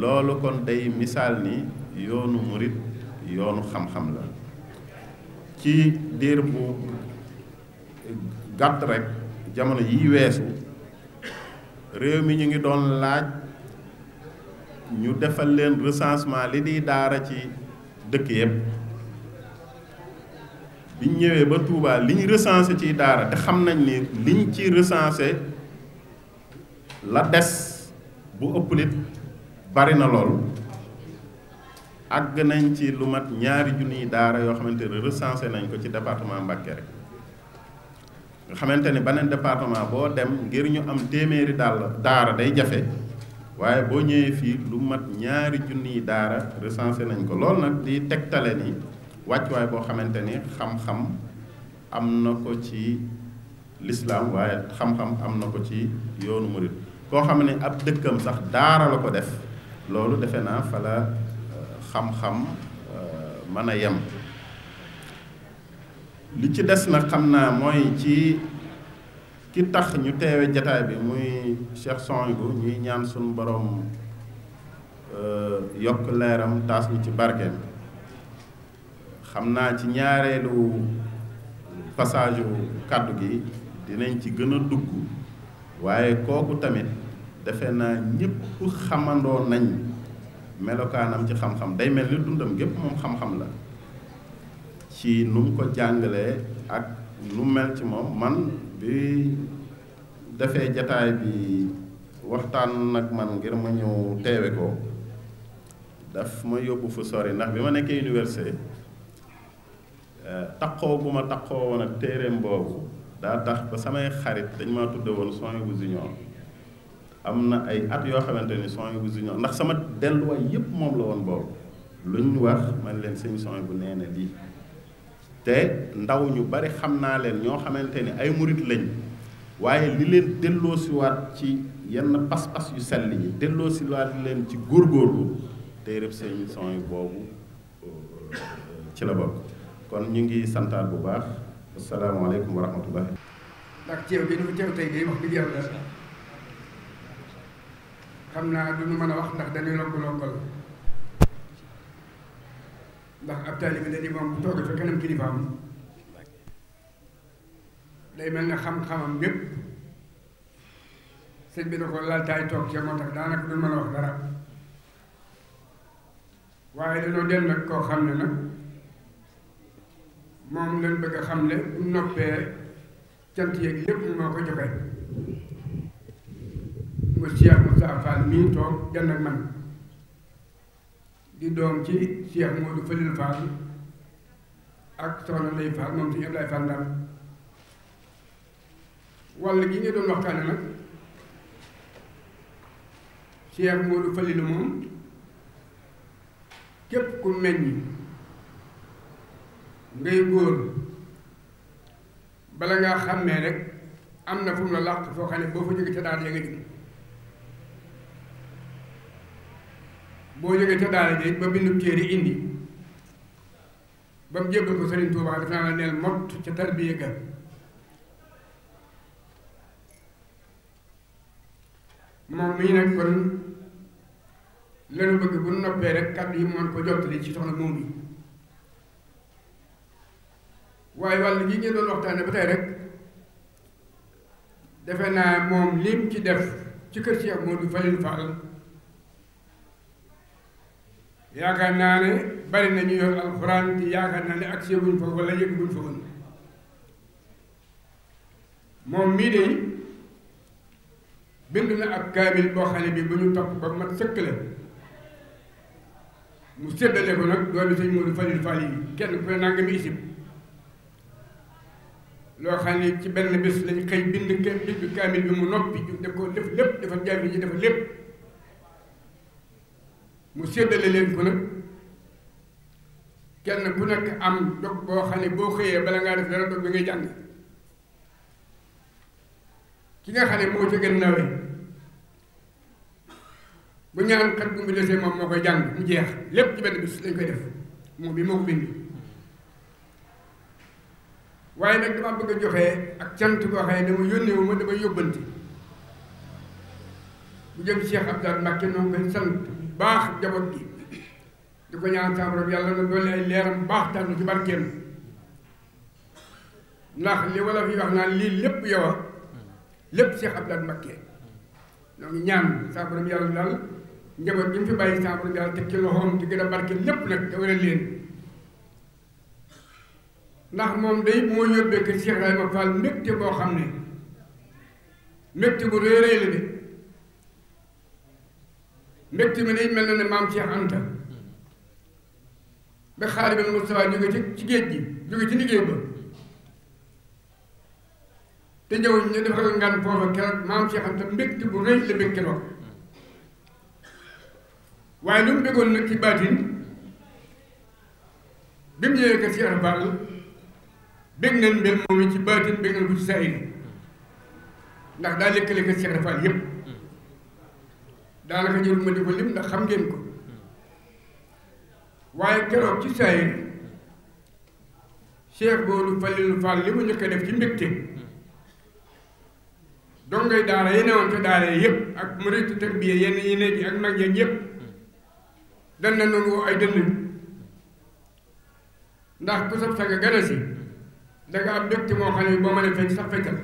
loolu kon day misaal ni yoonu murit yoonu xam-xam la ci diir bu gàtt rek jamono yi weesu réew mi ñu ngi doon laaj ñu defal leen recensement li di daara ci dëkk yëpp biñ ñëwee ba Touba li ñu recensé ci daara te xam nañ ni liñ ci recensé la des bu ëpp nit bari na lool àgg nañ ci lu mat ñaari yi daara yoo xamante ne recensé nañ ko ci département Mbacké rek nga xamante ni beneen département boo dem ngir ñu am téeméeri daal daara day jafe. waaye boo ñëwee fii lu mat ñaari yi daara recensé nañ ko loolu nag di tegtale ni wàccuwaay boo xamante ni xam-xam am na ko ci lislaam waaye xam-xam am na ko ci yoonu murit koo xam ne ab dëkkam sax daara la ko def loolu defe naa fa la euh, xam-xam euh, mën a yem li ci des nag xam naa mooy ci ki tax ñu teewe jataay bi muy Cheikh Sonhibou ñuy ñaan suñu boroom euh, yokk leeram taas ñu ci barkeem xam naa ci ñaareelu passage kàddu gi dinañ ci gën a dugg waaye kooku tamit defe naa ñépp xamandoo nañ melokaanam ci xam-xam day mel ni dundam gépp moom xam-xam la ci nu mu ko jàngalee ak lu mel ci moom man bi defee jataay bi waxtaan nag man ngir ma ñëw teewe ko daf ma yóbbu fu sori ndax bi ma nekkee université eh, taqoo bu ma taqoo woon ak téereem boobu daa tax ba samay xarit dañ maa tudde woon sony bu junior am na ay at yoo xamante ni sony bu junior ndax sama delluwaay yépp moom la woon boobu luñ wax man leen sëñ sony bu nee na lii te ndaw ñu bari xam naa leen ñoo xamante ni ay murit lañ waaye li leen dëlloo delloosiwaat ci yenn pas-pas yu sell yi waat leen ci góor tey rëb seen émission boobu euh, ci la bokk kon ñu ngi santaat bu baax asalaamaaleykum wa rahmatullah ndax ceew bi nu teew tey gi wax dëgg yàlla xam naa du ñu mën a wax ndax dañuy lonk lonkal ndax ab taalibe dañuy moom bu toogee fa kanam kilifaam day mel na xam-xamam yépp sëñ bi da ko laltaay toog ca moo tax daanaka du mën wax dara waaye dañoo den nag koo xam ne nag moom lañ bëgg a xamle bu noppee cant yépp moo ko joxe mu Cheikh Moussa Fall mii toog den man di doom ci Cheikh Modou Fadil Fall ak Soxna Ndeye Fall moom suñu Abdoulaye Fall Ndar wàll gi nga doon waxtaane nag Cheikh Modou Fadil moom képp ku meññ ngay góor bala ngaa xàmmee rek am na fu mu la làq foo xam ne boo fa jógee ca daal ya nga jóg boo jógee ca daara ji ba bindu téere indi ba mu jébbal ko Serigne Touba daf naa la neel mott ca tarbiya ga moom mii nag kon lanu bëgg bu noppee rek kàddu yi moon ko jottali ci soxna moom yi waaye wàll gi ngeen doon waxtaane ba tey rek defe naa moom lim ci def ci kër Cheikh Modou Falil Fall yaakaar naa ne bari na ñu yor alxuraan ci yaakaar naa ne ak buñ fa wala yëg buñ fa mën moom mii de bind na ab kaamil boo xam ne bi bu ñu topp ba mat sëkk la mu séddale ko nag doomi sëñ Moodu Falil Fall yi kenn ku ne naa nga mi isib loo xam ne ci benn bés lañ xëy bind kenn bind kaamil bi mu noppi ju def ko lépp lépp dafa jaay ji dafa lépp mu séddale leen ko kenn bu nekk am dog boo xam ne boo xëyee bala ngaa def dara dog bi ngay jàng ki nga xam ne moo ca gën nawe bu ñaan xat bu mu desee moom moo koy jàng mu jeex lépp ci benn bis lañ koy def moom bi moo ko bind waaye nag dama bëgg a joxe ak cant koo xam ne dama yónnee wu ma dama yóbbanti bu jëm Cheikh Abdoulaye Mbacke noonu koy sant baax njaboot gi di ko ñaan sama borom yàlla nga dolli ay leeram baax tax ci barkeem ndax li wala fi wax naan lii lépp yow a lépp Cheikh Abdoulaye Mbacké ñoo ngi ñaan sama borom yàlla daal njaboot bi mu fi bàyyi sama borom yàlla teg ci loxoom di gën a barke lépp nag te wala leen ndax moom day moo yóbbee que Cheikh Ibrahima Fall mbégte boo xam ne mbégte bu réy réy la mbégte mi day mel na ne maam Cheikh Anta ba xaali bi Moustapha jóge ci ci géej gi ci liggéey ba te ñëw ñu dafa ko ngan foofa keroog maam Cheikh Anta mbégte bu rëy la mbégte lool waaye lu mu bëggoon nag ci baatin bi mu ñëwee que Cheikh Fall bég nañ mbir moom ci baatin bég nañ ko ci saa ndax daa lëkkale que Cheikh Fall yépp daanaka jël ma di ko lim ndax xam ngeen ko waaye keroog ci saayir Cheikh Boolu Falilu Fall li mu njëkk def ci mbégte dongay daara yi newoon ca daara yëpp ak murit tarbiya yenn yi ak mag yeen yëpp dan na noonu woo ay dënd ndax ku sab sanga gana si danga am mbégte moo xam ne boo mën a fecc sax feccal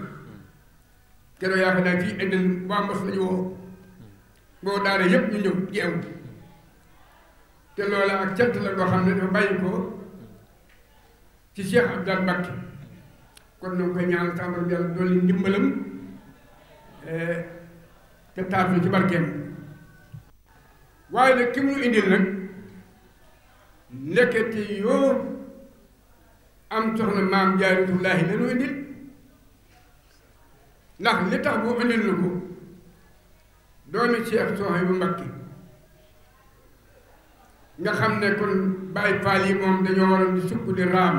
keroog yaa xam naa fii ay dënd waa mos lañu woo boo daara yépp ñu ñëw jeew te loola ak cant la boo xam ne dafa bàyyi ko ci Cheikh Abdal Bakk kon nag koy ñaan tàmbali yàlla dolli ndimbalam eh, te taas ñu ci barkeem waaye nag ki mu indil nag nekkati yoo am soxna maam jaaratullaahi la nu ndax li tax boo indil na ko doomi Cheikh Souhaïbou Mbacké nga xam ne kon Baay Faal yi moom dañoo waroon di sukk di raam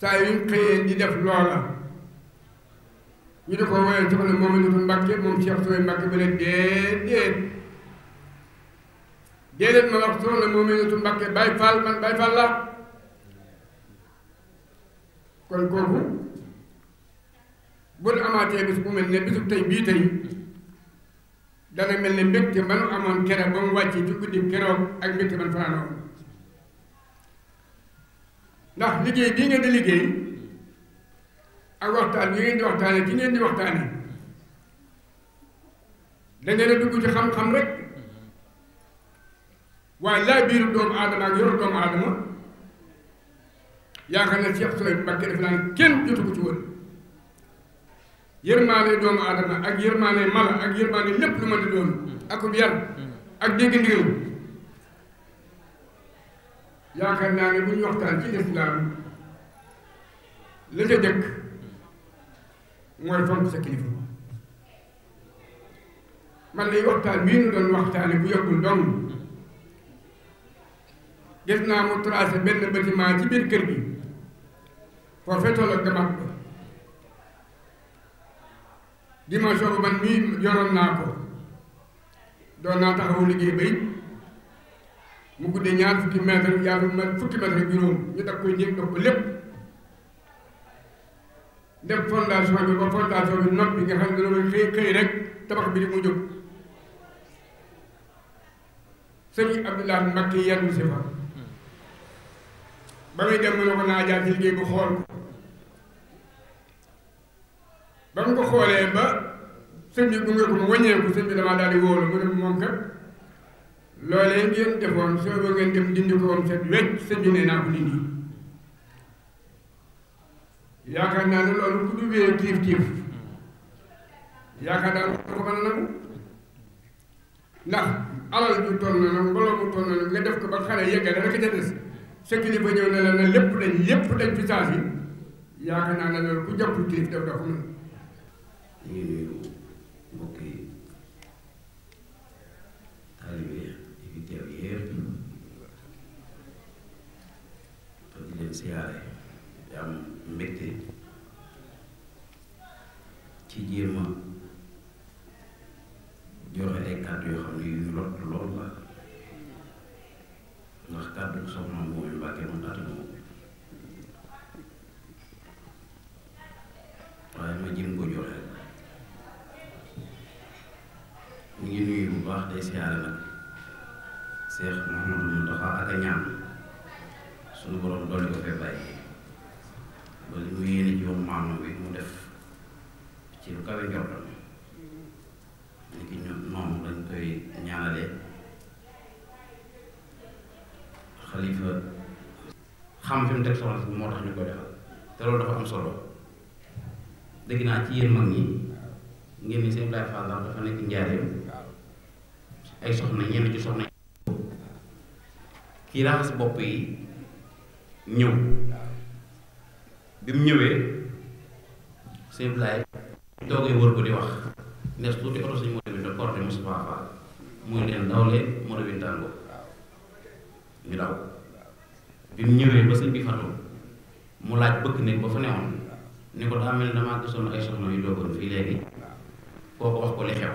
saa yuñ xëyee di def loola ñu di ko woowee soxna Mominatou Mbacké moom Cheikh Souhaïbou Mbacké ba leen déedéet déedéet ma wax soxna Mominatou Faal man Baay Faal la kon kooku bu nu amaatee bis bu mel ne bisu tey bii tey dana mel ne mbégte ba nu amoon keroog ba mu wàcc ci guddi keroog ak mbégte ba nu fanaanoon ndax liggéey bii ngeen di liggéey ak waxtaan yi ngeen di waxtaane ci ngeen di waxtaane da ngeen a ci xam-xam rek waaye laa biiru doomu aadama ak yoru doomu aadama yaakaar na Cheikh Souhaïbou Mbacké def naa kenn jotu ko ci woon yërmaane doomu aadama ak yërmaane mala ak yërmaane lépp lu ma di doon mm. akub yar mm. ak dégg ndigal yaakaar naa ne bu ñu ci lislaam la jëkk mooy fonk sa kilifa man lay waxtaan bii nu doon waxtaane bu yokkul dong gis naa mu tracé benn bâtiment ci biir kër gi foo fetool ak gamat di ma man mii yoroon naa ko doon naa taxawu liggéey bay mu guddee ñaar fukki mètre yaatu mètre fukki mètre juróom ñu daf koy njëkk daf ko lépp def fondation bi ba fondation bi nopp bi nga xam ne dana xëy xëy rek tabax bi di mu jóg sëñ Abdoulaye Mbacke yenn si fa ba muy dem mu ne ko naa jaar ci liggéey bu xool ba mu ko xoolee ba sëñ bu gunge ko mu wàññeeku sëñ bi damaa daal di wóolu mu ne moom kat loolee ngeen defoon soo ba ngeen dem dindi ko woon set wecc sëñ bi naa ko dindi yaakaar naa ne loolu ku dubbee tiif tiif yaakaar naa ne na nag mbooloo mu toll na nag nga def ko ba xale yeggale rek ca des sa kilifa ñëw ne la na lépp dañ lépp dañ fi saa si yaakaar naa ne loolu ku jàpp tiif def dafa mën ñu ngi nuyu mbokk yi taalibe yi te di leen siyaare di am mbégte ci jéema joxe ay kàddu yoo xam ne lool la Seex Muhammadu Muntaxa ak a ñaan suñu borom dolli ko fee bàyyi mu yéene ci woon maamam bi mu def ci lu kawe njortam ni ki ñoom noonu lañ koy ñaanale xalifa xam fi mu teg soxna si moo tax ñu koy defal te loolu dafa am solo dégg naa ci yéen mag ñi ngeen seen Baay Faal dafa nekk njaareem ay soxna ñenn ci soxna kii raxas bopp yi ñëw bi mu ñëwee sëñ Ablaye toogee wër ko di wax nees tuuti oto suñu moto bi da corde Moustapha Fall muy leen daw leen moto bi tàngo ñu daw bi mu ñëwee ba sëñ mu laaj bëgg nekk ba fa newoon ni ko daa mel ne damaa gisoon ay soxna yu doogoon fii léegi kooku wax ko li xew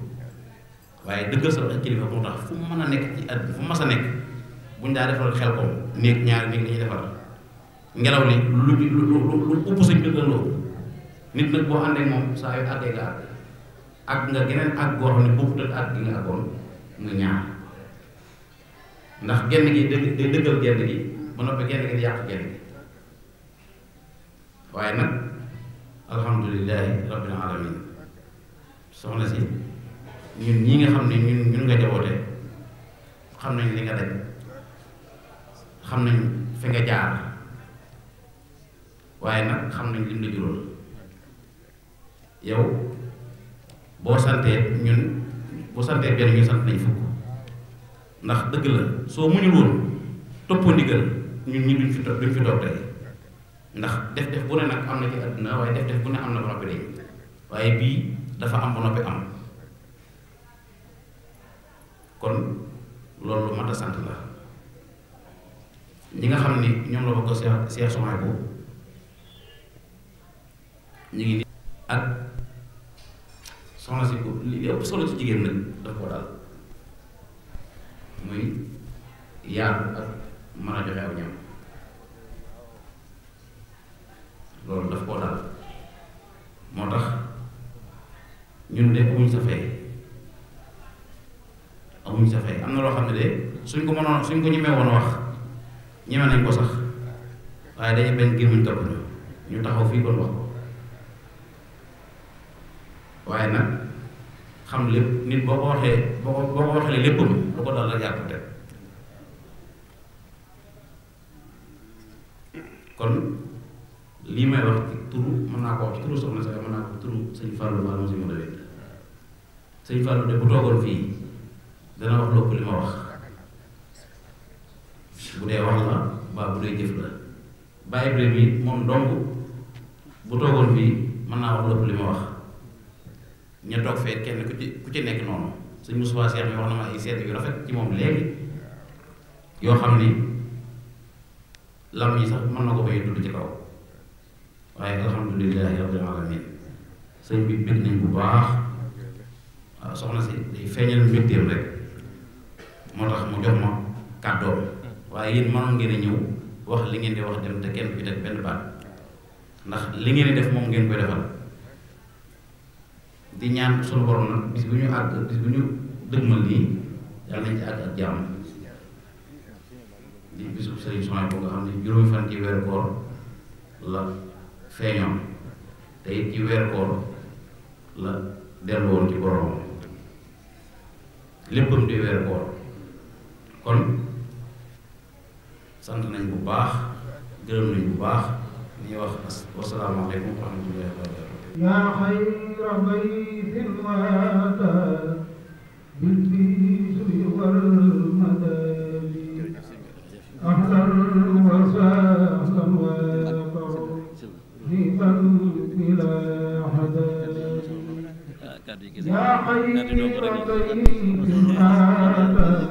waaye dëggal sa ak kilifa boo tax fu mu a nekk ci at fu mas a nekk buñ daa defal xel koom néeg ñaari néeg la ñuy defal ngelaw li lu lu lu lu ëpp sa mbir la nit nag boo àndee moom saa yu àggee nga geneen àgg goo xam ne bokkut ak àgg gi nga àggoon nga ñaar ndax genn gi day dëggal genn gi ba noppi genn gi di yàq genn gi waaye nag alhamdulilahi rabbil alamin soxna si. ñun ñii nga xam ne ñun ñun nga jabootee xam nañ li nga daj xam nañ fi nga jaar waaye nag xam nañ lim la juróom yow boo santee ñun boo santee benn ñun sant nañ fukk ndax dëgg la soo muñul woon toppoo ndigal ñun ñi duñ fi topp duñ fi toog ndax def def bu ne nag am na ci àdduna waaye def def bu ne am na ba noppi dañ waaye bii dafa am ba noppi am kon loolu lu sant la ñi nga xam ni ñoom la bokk Cheikh Cheikh Souhaïbou ñu ngi nii ak soxna si ko li ëpp solo jigéen nag daf ko daal muy yaatu ak mën a joxe ñam loolu daf koo daal moo tax ñun de amuñ sa fay amuñu sa am na loo xam ne de suñ ko mënoon suñ ko ñemee woon wax ñeme nañ ko sax waaye dañuy bañ ngir topp ñu ñu taxaw fii kon wax waaye nag xam lépp nit boo ko waxee boo ko boo ko waxee lu ko dal la jàpp te kon lii may wax turu mën naa ko wax ci turu soxna sax mën naa ko turu sëñ Fallou Fallou sëñ Fallou de bu toogoon fii dana wax lëpp li ma wax bu dee wax la mbaa bu dee jëf la bàyyi bi yi moom dong bu toogoon fii mën naa wax lëpp li ma wax ñu toog fee kenn ku ci ku ci nekk noonu suñ Moussa Cheikh mi na ma ay seet yu rafet ci moom léegi yoo xam ni lam yi sax mën na ko bañ tudd ci kaw waaye alhamdulilahi rabbil alamin sëñ bi bëgg nañ bu baax waaw soxna si day feeñal mbégteem rek moo tax mu jox ma kàddoom hmm. waaye yéen mënoon ngeen a wax li ngeen di wax dem te kenn bi teg benn baat ndax li ngeen di def moom ngeen koy defal di ñaan suñu borom nag bis bu ñu àgg bis bu ñu dëgmal nii yàlla nañ ci àgg ak jàmm di bisub sëriñ Sonia boo nga xam ne juróomi fan ci weeru koor la feeñoon te it ci weeru koor la dellu woon ci boromam léppam di weeru koor kon sant nañ bu baax gërëm nañ bu baax ni wax wasalaamaaleykum wa rahmatullahi wa barakatuh yaa xayra baytin waata بالبيت والمدالي أحضر وساهم وقريبا إلى حدالي يا خير بيت آدم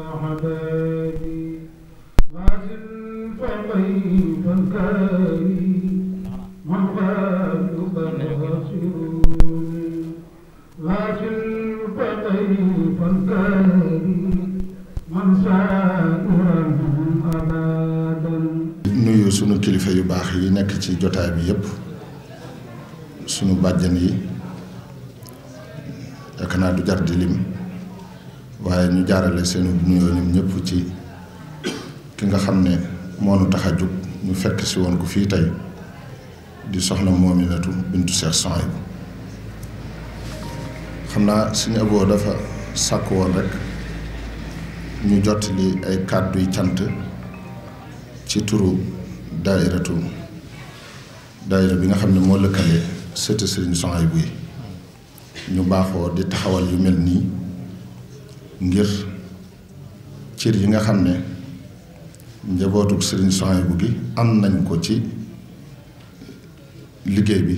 sunu kilifa yu baax yi nekk ci jotaay bi yépp sunu bàjjan yi yaakaar naa du jar di waaye ñu jaarale seenu nuyoo ñoom ci ki nga xam ne moo nu tax a jóg ñu fekk si ko fii tey di soxna Moominatu bintu Cheikh xam naa suñu aboo dafa sàkk woon rek ñu jot li ay kàddu yu cant ci turu daairatu daaira bi nga xam ne moo lëkkale sëti Sëriñ Souhaïbou yi ñu baaxoo di taxawal yu mel nii ngir cër yi nga xam ne njabootuk Sëriñ bu gi am nañ ko ci liggéey bi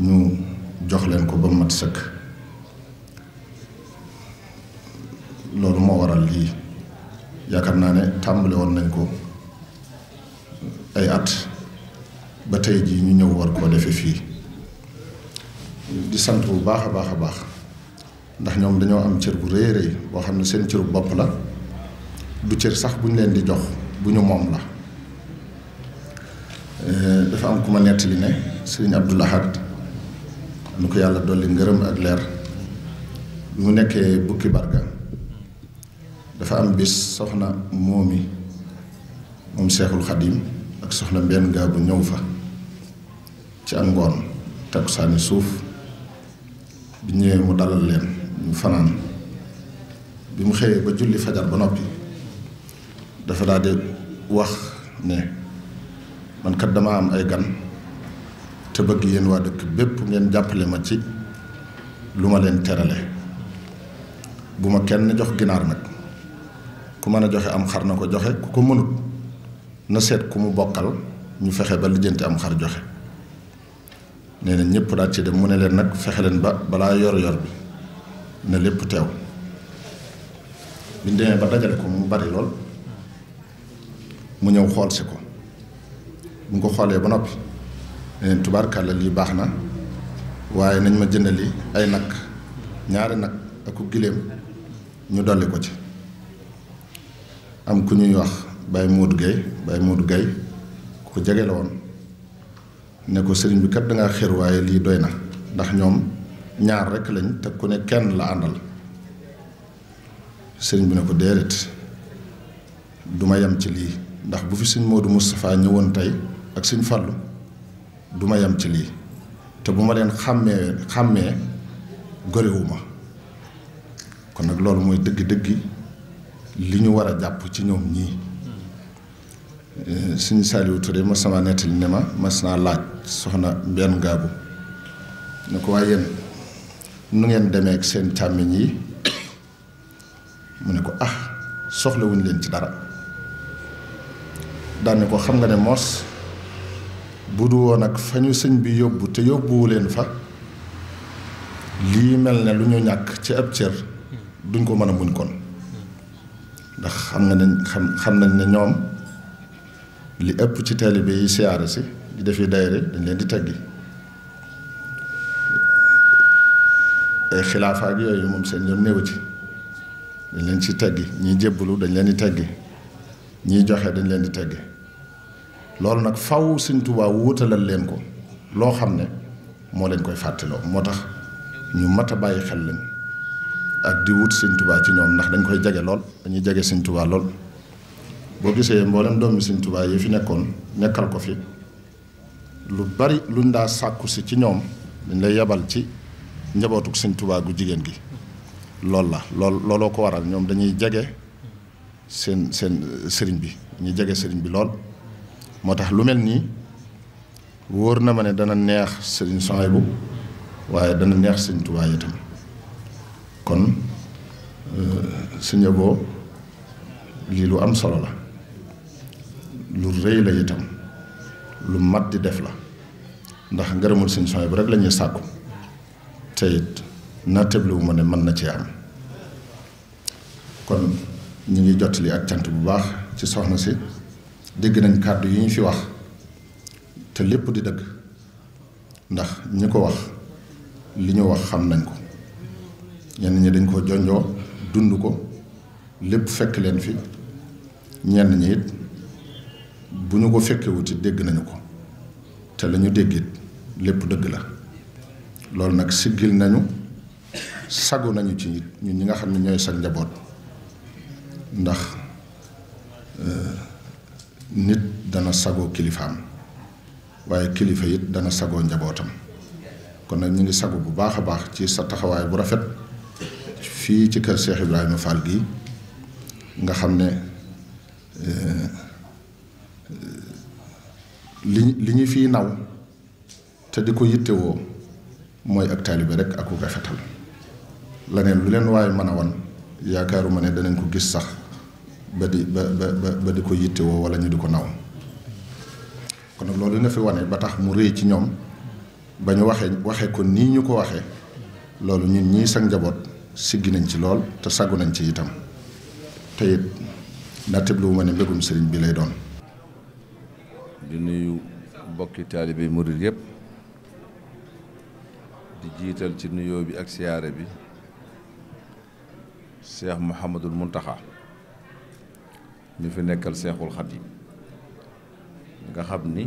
ñu jox leen ko ba mat sëkk loolu moo waral lii yaakaar naa ne tàmbale woon nañ ko ay at ba tey jii ñu ñëw war koo defe fii di sant bu baax a baax a baax ndax ñoom dañoo am cër bu rëy rëy boo xam ne seen cër bu bopp la du cër sax bu ñu leen di jox bu ñu moom la eh, dafa am ku ma nettali ne sëriñ Abdul Ahad nu ko yàlla dolli ngërëm ak leer bi mu nekkee bukki barga dafa am bis soxna moomi moom Seexul Xadim ak soxna mbenn gaa bu ñëw fa ci ak ngoon sànni suuf bi ñëwee mu dalal leen ñu fanaan bi mu xëyee ba julli fajar ba noppi dafa daal di wax ne man kat dama am ay gan te bëgg yéen waa dëkk bépp ngeen jàppale ma ci lu ma leen terale bu ma kenn jox ginaar nag ku mën a joxe am xar na ko joxe ku ko mënut na seet ku mu bokkal ñu fexe ba lijjanti am xar joxe nee na ñëpp daal ci dem mu ne leen nag fexe leen ba balaa yor-yor bi na lépp teew biñ demee ba dajale ko mu bari lool mu ñëw xool si ko bu ko xoolee ba noppi ne leen tubaarkàlla lii baax na waaye nañ ma jëndali ay nag ñaari nag ak ku gileem ñu dolli ko ci am ku ñuy wax bay Modou Gueye Baye Modou gay ku jege la woon ne ko sëriñ bi kat dangaa xër waaye lii doy na ndax ñoom ñaar rekk lañ te ku ne kenn la àndal sëriñ bi ne ko déedéet duma ma yem ci lii ndax bu fi sëñ Modou Moustapha woon tey ak sëñ Fallou du ma yem ci lii te bu ma leen xàmmee xàmmee gorewuma kon nag loolu mooy dëgg-dëgg li ñu war a jàpp ci ñoom ñii suñu Saliou Touré mas sama nettali ne ma mas naa laaj soxna benn gaabu ne ko waaye yéen nu ngeen demee ak seen càmmiñ yi mu ne ko ah soxlawuñu leen ci dara daane ko xam nga ne moos bu du woon ak fa ñu sëñ bi yóbbu te yóbbuwu leen fa lii mel ne lu ñu ñàkk ci ab cër duñ ko mën a muñ kon ndax xam nga ne xam xam nañ ne ñoom li ëpp ci taalibe yi siyaare si di defi daayira dañ leen di taggi ay e xilaafa ak yooyu moom seen yoon néew ci dañ leen ci tegg ñiy jébbalu dañ leen di tegg ñiy joxe dañ leen di taggi loolu nag faw Sëñ Tuubaa wutalal leen ko loo xam ne moo leen koy fàttaloo moo tax ñu mat a bàyyi xel lañ ak di wut Sëñ Tuubaa ci ñoom ndax dañ koy jege lool dañuy jege Sëñ Tuubaa lool boo gisee mboolem doomi Sëriñ Tuubaa yi fi nekkoon nekkal ko fi lu bari luñ daa sàkku si ci ñoom dañ lay yebal ci njabootuk Sëriñ Tuubaa gu jigéen gi lool la lool looloo ko waral ñoom dañuy jege seen seen sëriñ bi dañuy jege sëriñ bi lool moo tax lu mel nii wóor na ma ne dana neex sëriñ Souhaïbou waaye dana neex Sëriñ Tuubaa itam kon euh, sëñ Abo lii lu am solo la lu rëy la itam lu mat di def la ndax ngërëmul sëñ Suwaybu bi rek lañuy ñuy sàkku te it naatable wu ma ne mën na ci am kon ñu ngi jottali ak cant bu baax ci soxna si dégg nañ kàddu yi ñu fi wax te lépp di dëgg ndax ñi ko wax li ñu wax xam nañ ko ñenn ñi dañ ko jonjoo dund ko lépp fekk leen fi ñenn ñi it bu ñu ko fekkewuti dégg nañu ko te lañu dégg déggit lépp dëgg la loolu nag siggil nañu sagu nañu ci nit ñi nga xam ne ñooy sag njaboot ndax euh, nit dana sagoo kilifaam waaye kilifa it dana sagoo njabootam kon nag ñu ngi sagu bu baax a baax ci sa taxawaay bu rafet fii ci kër seex Ibrahima Fall gi nga xam ne euh, li li ñu fi naw te di ko yittewoo mooy ak taalibe rek ak rafetal leneen lu leen waaye mën a wan yaakaaruma ne danañ ko gis sax ba di ba ba ba di ko yittewoo wala ñu di ko naw kon nag loolu nga fi wane ba tax mu rëy ci ñoom ba ñu waxee waxee ko nii ñu ko waxee loolu ñun ñii sag njaboot siggi nañ ci lool te saggu nañ ci itam te it nattebluwu ma ne mbégum sëriñ bi lay doon di nuyu mbokki taalibe murit yëpp di jiital ci nuyoo bi ak siyaare bi seex Muhammadul Muntaxa ñu fi nekkal seexul xadim nga xam ni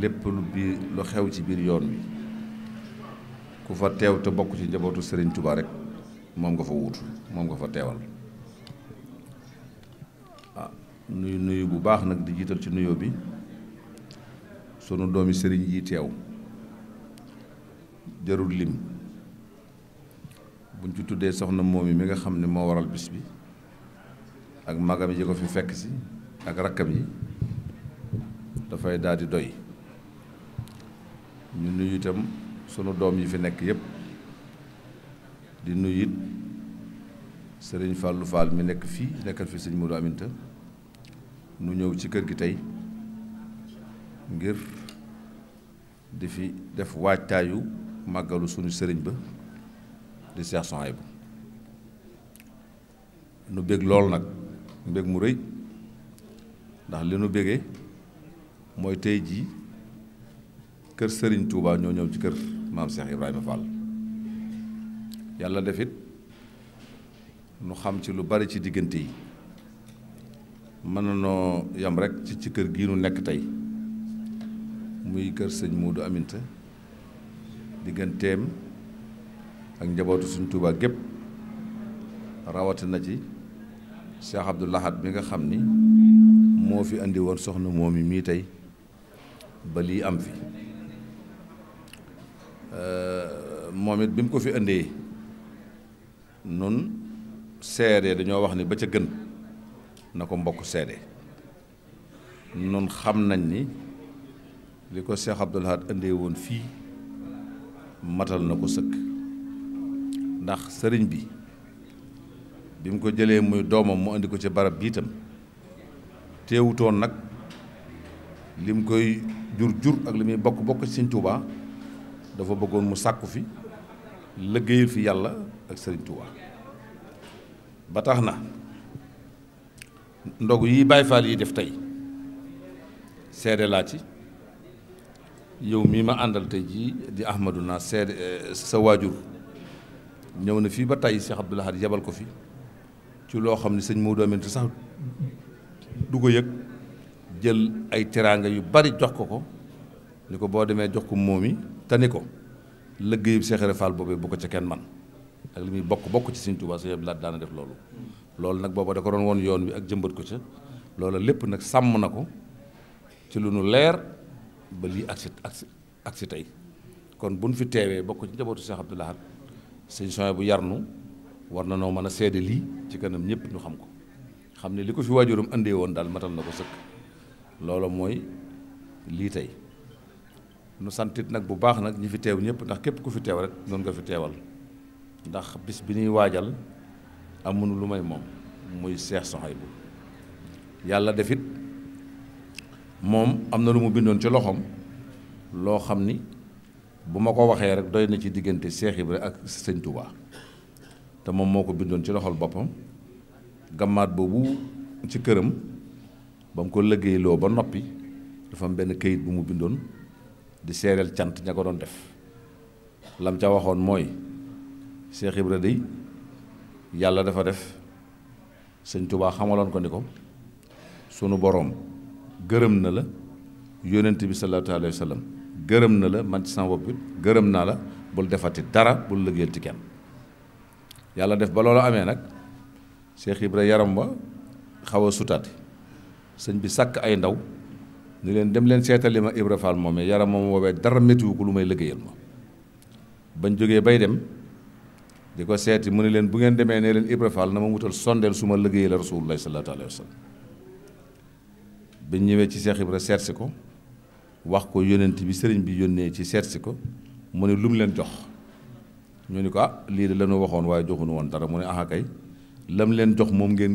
lépp lu biir lu xew ci biir yoon wi ku fa teew te bokk ci njabootu sëriñ Touba rekk moom nga fa wuutu moom nga fa teewal. nuyu nuyu bu baax nag di jiital ci nuyoo bi sunu doom yi sëriñ yi teew jarul lim buñ ci tuddee soxna moom yi mi nga xam ne moo waral bis bi ak magam yi ko fi fekk si ak rakkam yi dafay daal di doy ñu nuyu itam sunu doom yi fi nekk yépp di nuyu it sëriñ Fallou Fall mi nekk fii nekkal fi sëñ Modou Aminta nu ñëw ci kër gi tey ngir di fi def waajtaayu màggalu sunu sëriñ ba di Cheikh Souhaïbou nu bég lool nag mbég mu rëy ndax li nu bégee mooy tey jii kër sëriñ tuubaa ñoo ñëw ci kër maam Cheikh Ibrahima Fall yàlla defit nu xam ci lu bari ci diggante yi mën nanoo yam rek ci ci kër gii nu nekk tey muy kër sëñ Moodu Aminta digganteem ak njabootu suñ Tuubaa gépp rawatina ci Cheikh Abdou Lahad bi nga xam ni moo fi indi woon soxna moom mi mii tey ba lii am fi moom it bi mu ko fi indee nun seere dañoo wax ni ba ca gën na ko mbokk seede nun xam nañ ni li ko Cheikh Abdoul Ahad indee woon fii matal na ko sëkk ndax sëriñ bi bi mu ko jëlee muy doomam mu indi ko ci barab bi itam teewutoon nag lim koy jur jur ak li muy bokk bokk ci sëriñ Touba dafa bëggoon mu sàkku fi liggéeyal fi yàlla ak sëriñ Touba ba tax na ndogu yi Baay Faal yi def tey seede laa ci yow mii ma àndal tey jii di Ahmadou naa seede eh, sa waajur ñëw na fii ba tey Cheikh Abdoul Ahad yebal ko fi ci loo xam ne sëñ Maodo Aminta sax du ko yëg jël ay teraanga yu bari jox ko ko ni ko boo demee jox ko moom yi te ni ko liggéeyu Cheikh Ibra Fall boobee bu ko ca kenn man li muy bokk bokk ci Sëriñ Tuubaa Sëriñ Abdou daana def loolu loolu nag booba da ko doon woon yoon wi ak jëmbat ko ca loola lépp nag sàmm na ko ci lu nu leer ba lii ak si ak si ak si tey kon buñ fi teewee bokk ci njabootu Sëriñ Abdou Lahad Sëriñ Souhaïbou bu yarnu war na noo mën a seede lii ci kanam ñëpp ñu xam ko xam ne li ko fi waajuram indee woon daal matal na ko sëkk loolu mooy lii tey nu santit nag bu baax nag ñi fi teew ñëpp ndax képp ku fi teew rek noonu nga fi teewal ndax bis bi ñuy waajal amunu lu may moom muy seex Sohaybu yàlla defit moom am na lu mu bindoon ci loxoom loo xam ni bu ma ko waxee rek doy na ci diggante Seex Ibra ak Sëñ Tuubaa te moom moo ko bindoon ci loxol boppam gàmmaat boobu ci këram ba mu ko liggéeyloo ba noppi dafa am benn kayit bu mu bindoon di seereel cant ña ko doon def lam ca waxoon mooy Cheikh Ibra dey yàlla dafa def sëñ Tuubaa xamaloon ko ni ko sunu boroom gërëm na la yónnent bi salaatu alayhi wa gërëm na la man ci sama bopp gërëm naa la bul defati dara bul liggéeyal ci kenn yàlla def ba loolu amee nag Cheikh Ibra yaram wa xaw a sutaati sëñ bi sàkk ay ndaw ni leen dem leen seetali ma Ibra Fall moom yaram moom woowee dara méttiwu ko lu may liggéeyal ma bañ jógee bay dem di ko seeti mu ne leen bu ngeen demee ne leen Ibra Fall na ma wutal sondeel su ma liggéeyee la rasulullahi sallallahu alayhi wa sallam biñ ci Cheikh Ibra seetsi ko wax ko yónnent bi sëriñ bi yónnee ci seetsi ko mu ne lu leen jox ñu ni ko ah lii de la ñu waxoon woon dara mu ne ah lam leen jox moom ngeen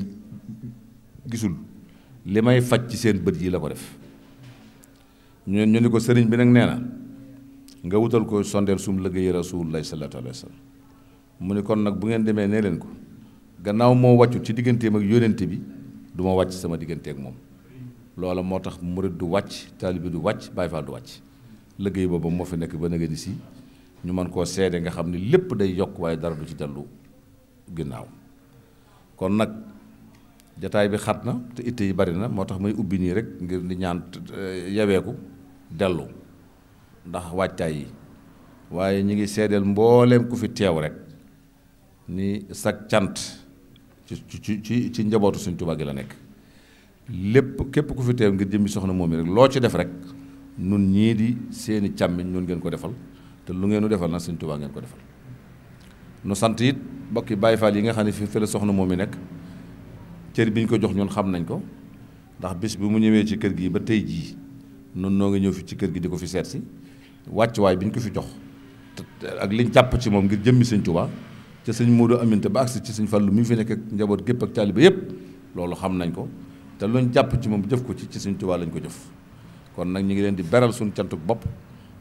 gisul li may faj ci seen bët yi la ko def ñu ñu ni ko sëriñ bi nag nee na nga ko sondeel sum liggéeyee rasulullahi sallallahu alayhi wa sallam mu ne kon nag bu ngeen demee nee leen ko gannaaw moo wàccu ci digganteem ak yónnente bi du ma wàcc sama diggante ak moom loola moo tax murit du wàcc taalibe du wàcc Baay Faal du wàcc liggéey boobu moo fi nekk ba nga ni si ñu mën koo seedee nga xam ne lépp day yokk waaye dara du ci dellu ginnaaw kon nag jataay bi xat na te it yi bari na moo tax may ubbi nii rek ngir di ñaan eh, yaweeku dellu ndax wàccaay yi waaye ñu ngi seedeel mbooleem ku fi teew rek ni sag cant ci ci ci ci njabootu suñ Tuubaa gi la nekk lépp képp ku fi teew ngir jëmmi soxna moom yi rek loo ci def rek nun ñii di seeni càmmiñ nun ngeen ko defal te lu ngeen defal nag suñ Tuubaa ngeen ko defal nu sant it bokki Baay Faal yi nga xam ne fi fële soxna moom yi nekk cër bi ñu ko jox ñun xam nañ ko ndax bis bi mu ñëwee ci kër gi ba tey jii noonu noo ngi ñëw fi ci kër gi di ko fi seet si wàccuwaay bi ñu ko fi jox ak liñ jàpp ci moom ngir jëmmi sëñ ca sëñ Modou Aminta ba agsi ci sëñ Fallou mi fi nekk ak njaboot gépp ak taalibe yépp loolu xam nañ ko te luñ jàpp ci moom jëf ko ci ci sëñ Tuubaa lañ ko jëf kon nag ñu ngi leen di beral suñu cantuk bopp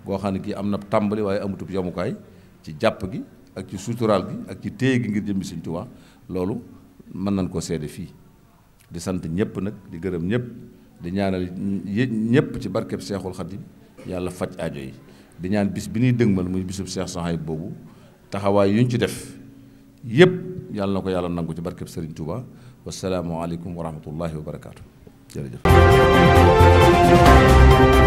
goo xam ne kii am na tàmbali waaye amutub yamukaay ci jàpp gi ak ci suturaal gi ak ci téye gi ngir jëmbi sëñ Tuubaa loolu mën nañ koo seede fii di sant ñëpp nag di gërëm ñëpp di ñaanal ñëpp ci barkeb Seexul Xadim yàlla faj ajo yi di ñaan bis bi ñuy dëgmal muy bisub Seex Sohayb boobu taxawaay yuñ ci def yëpp yàlla na ko yàlla nangu ci barkeb Serigne Touba wasalaamualeykum wa rahmatullahi wa barakaatu jërëjëf.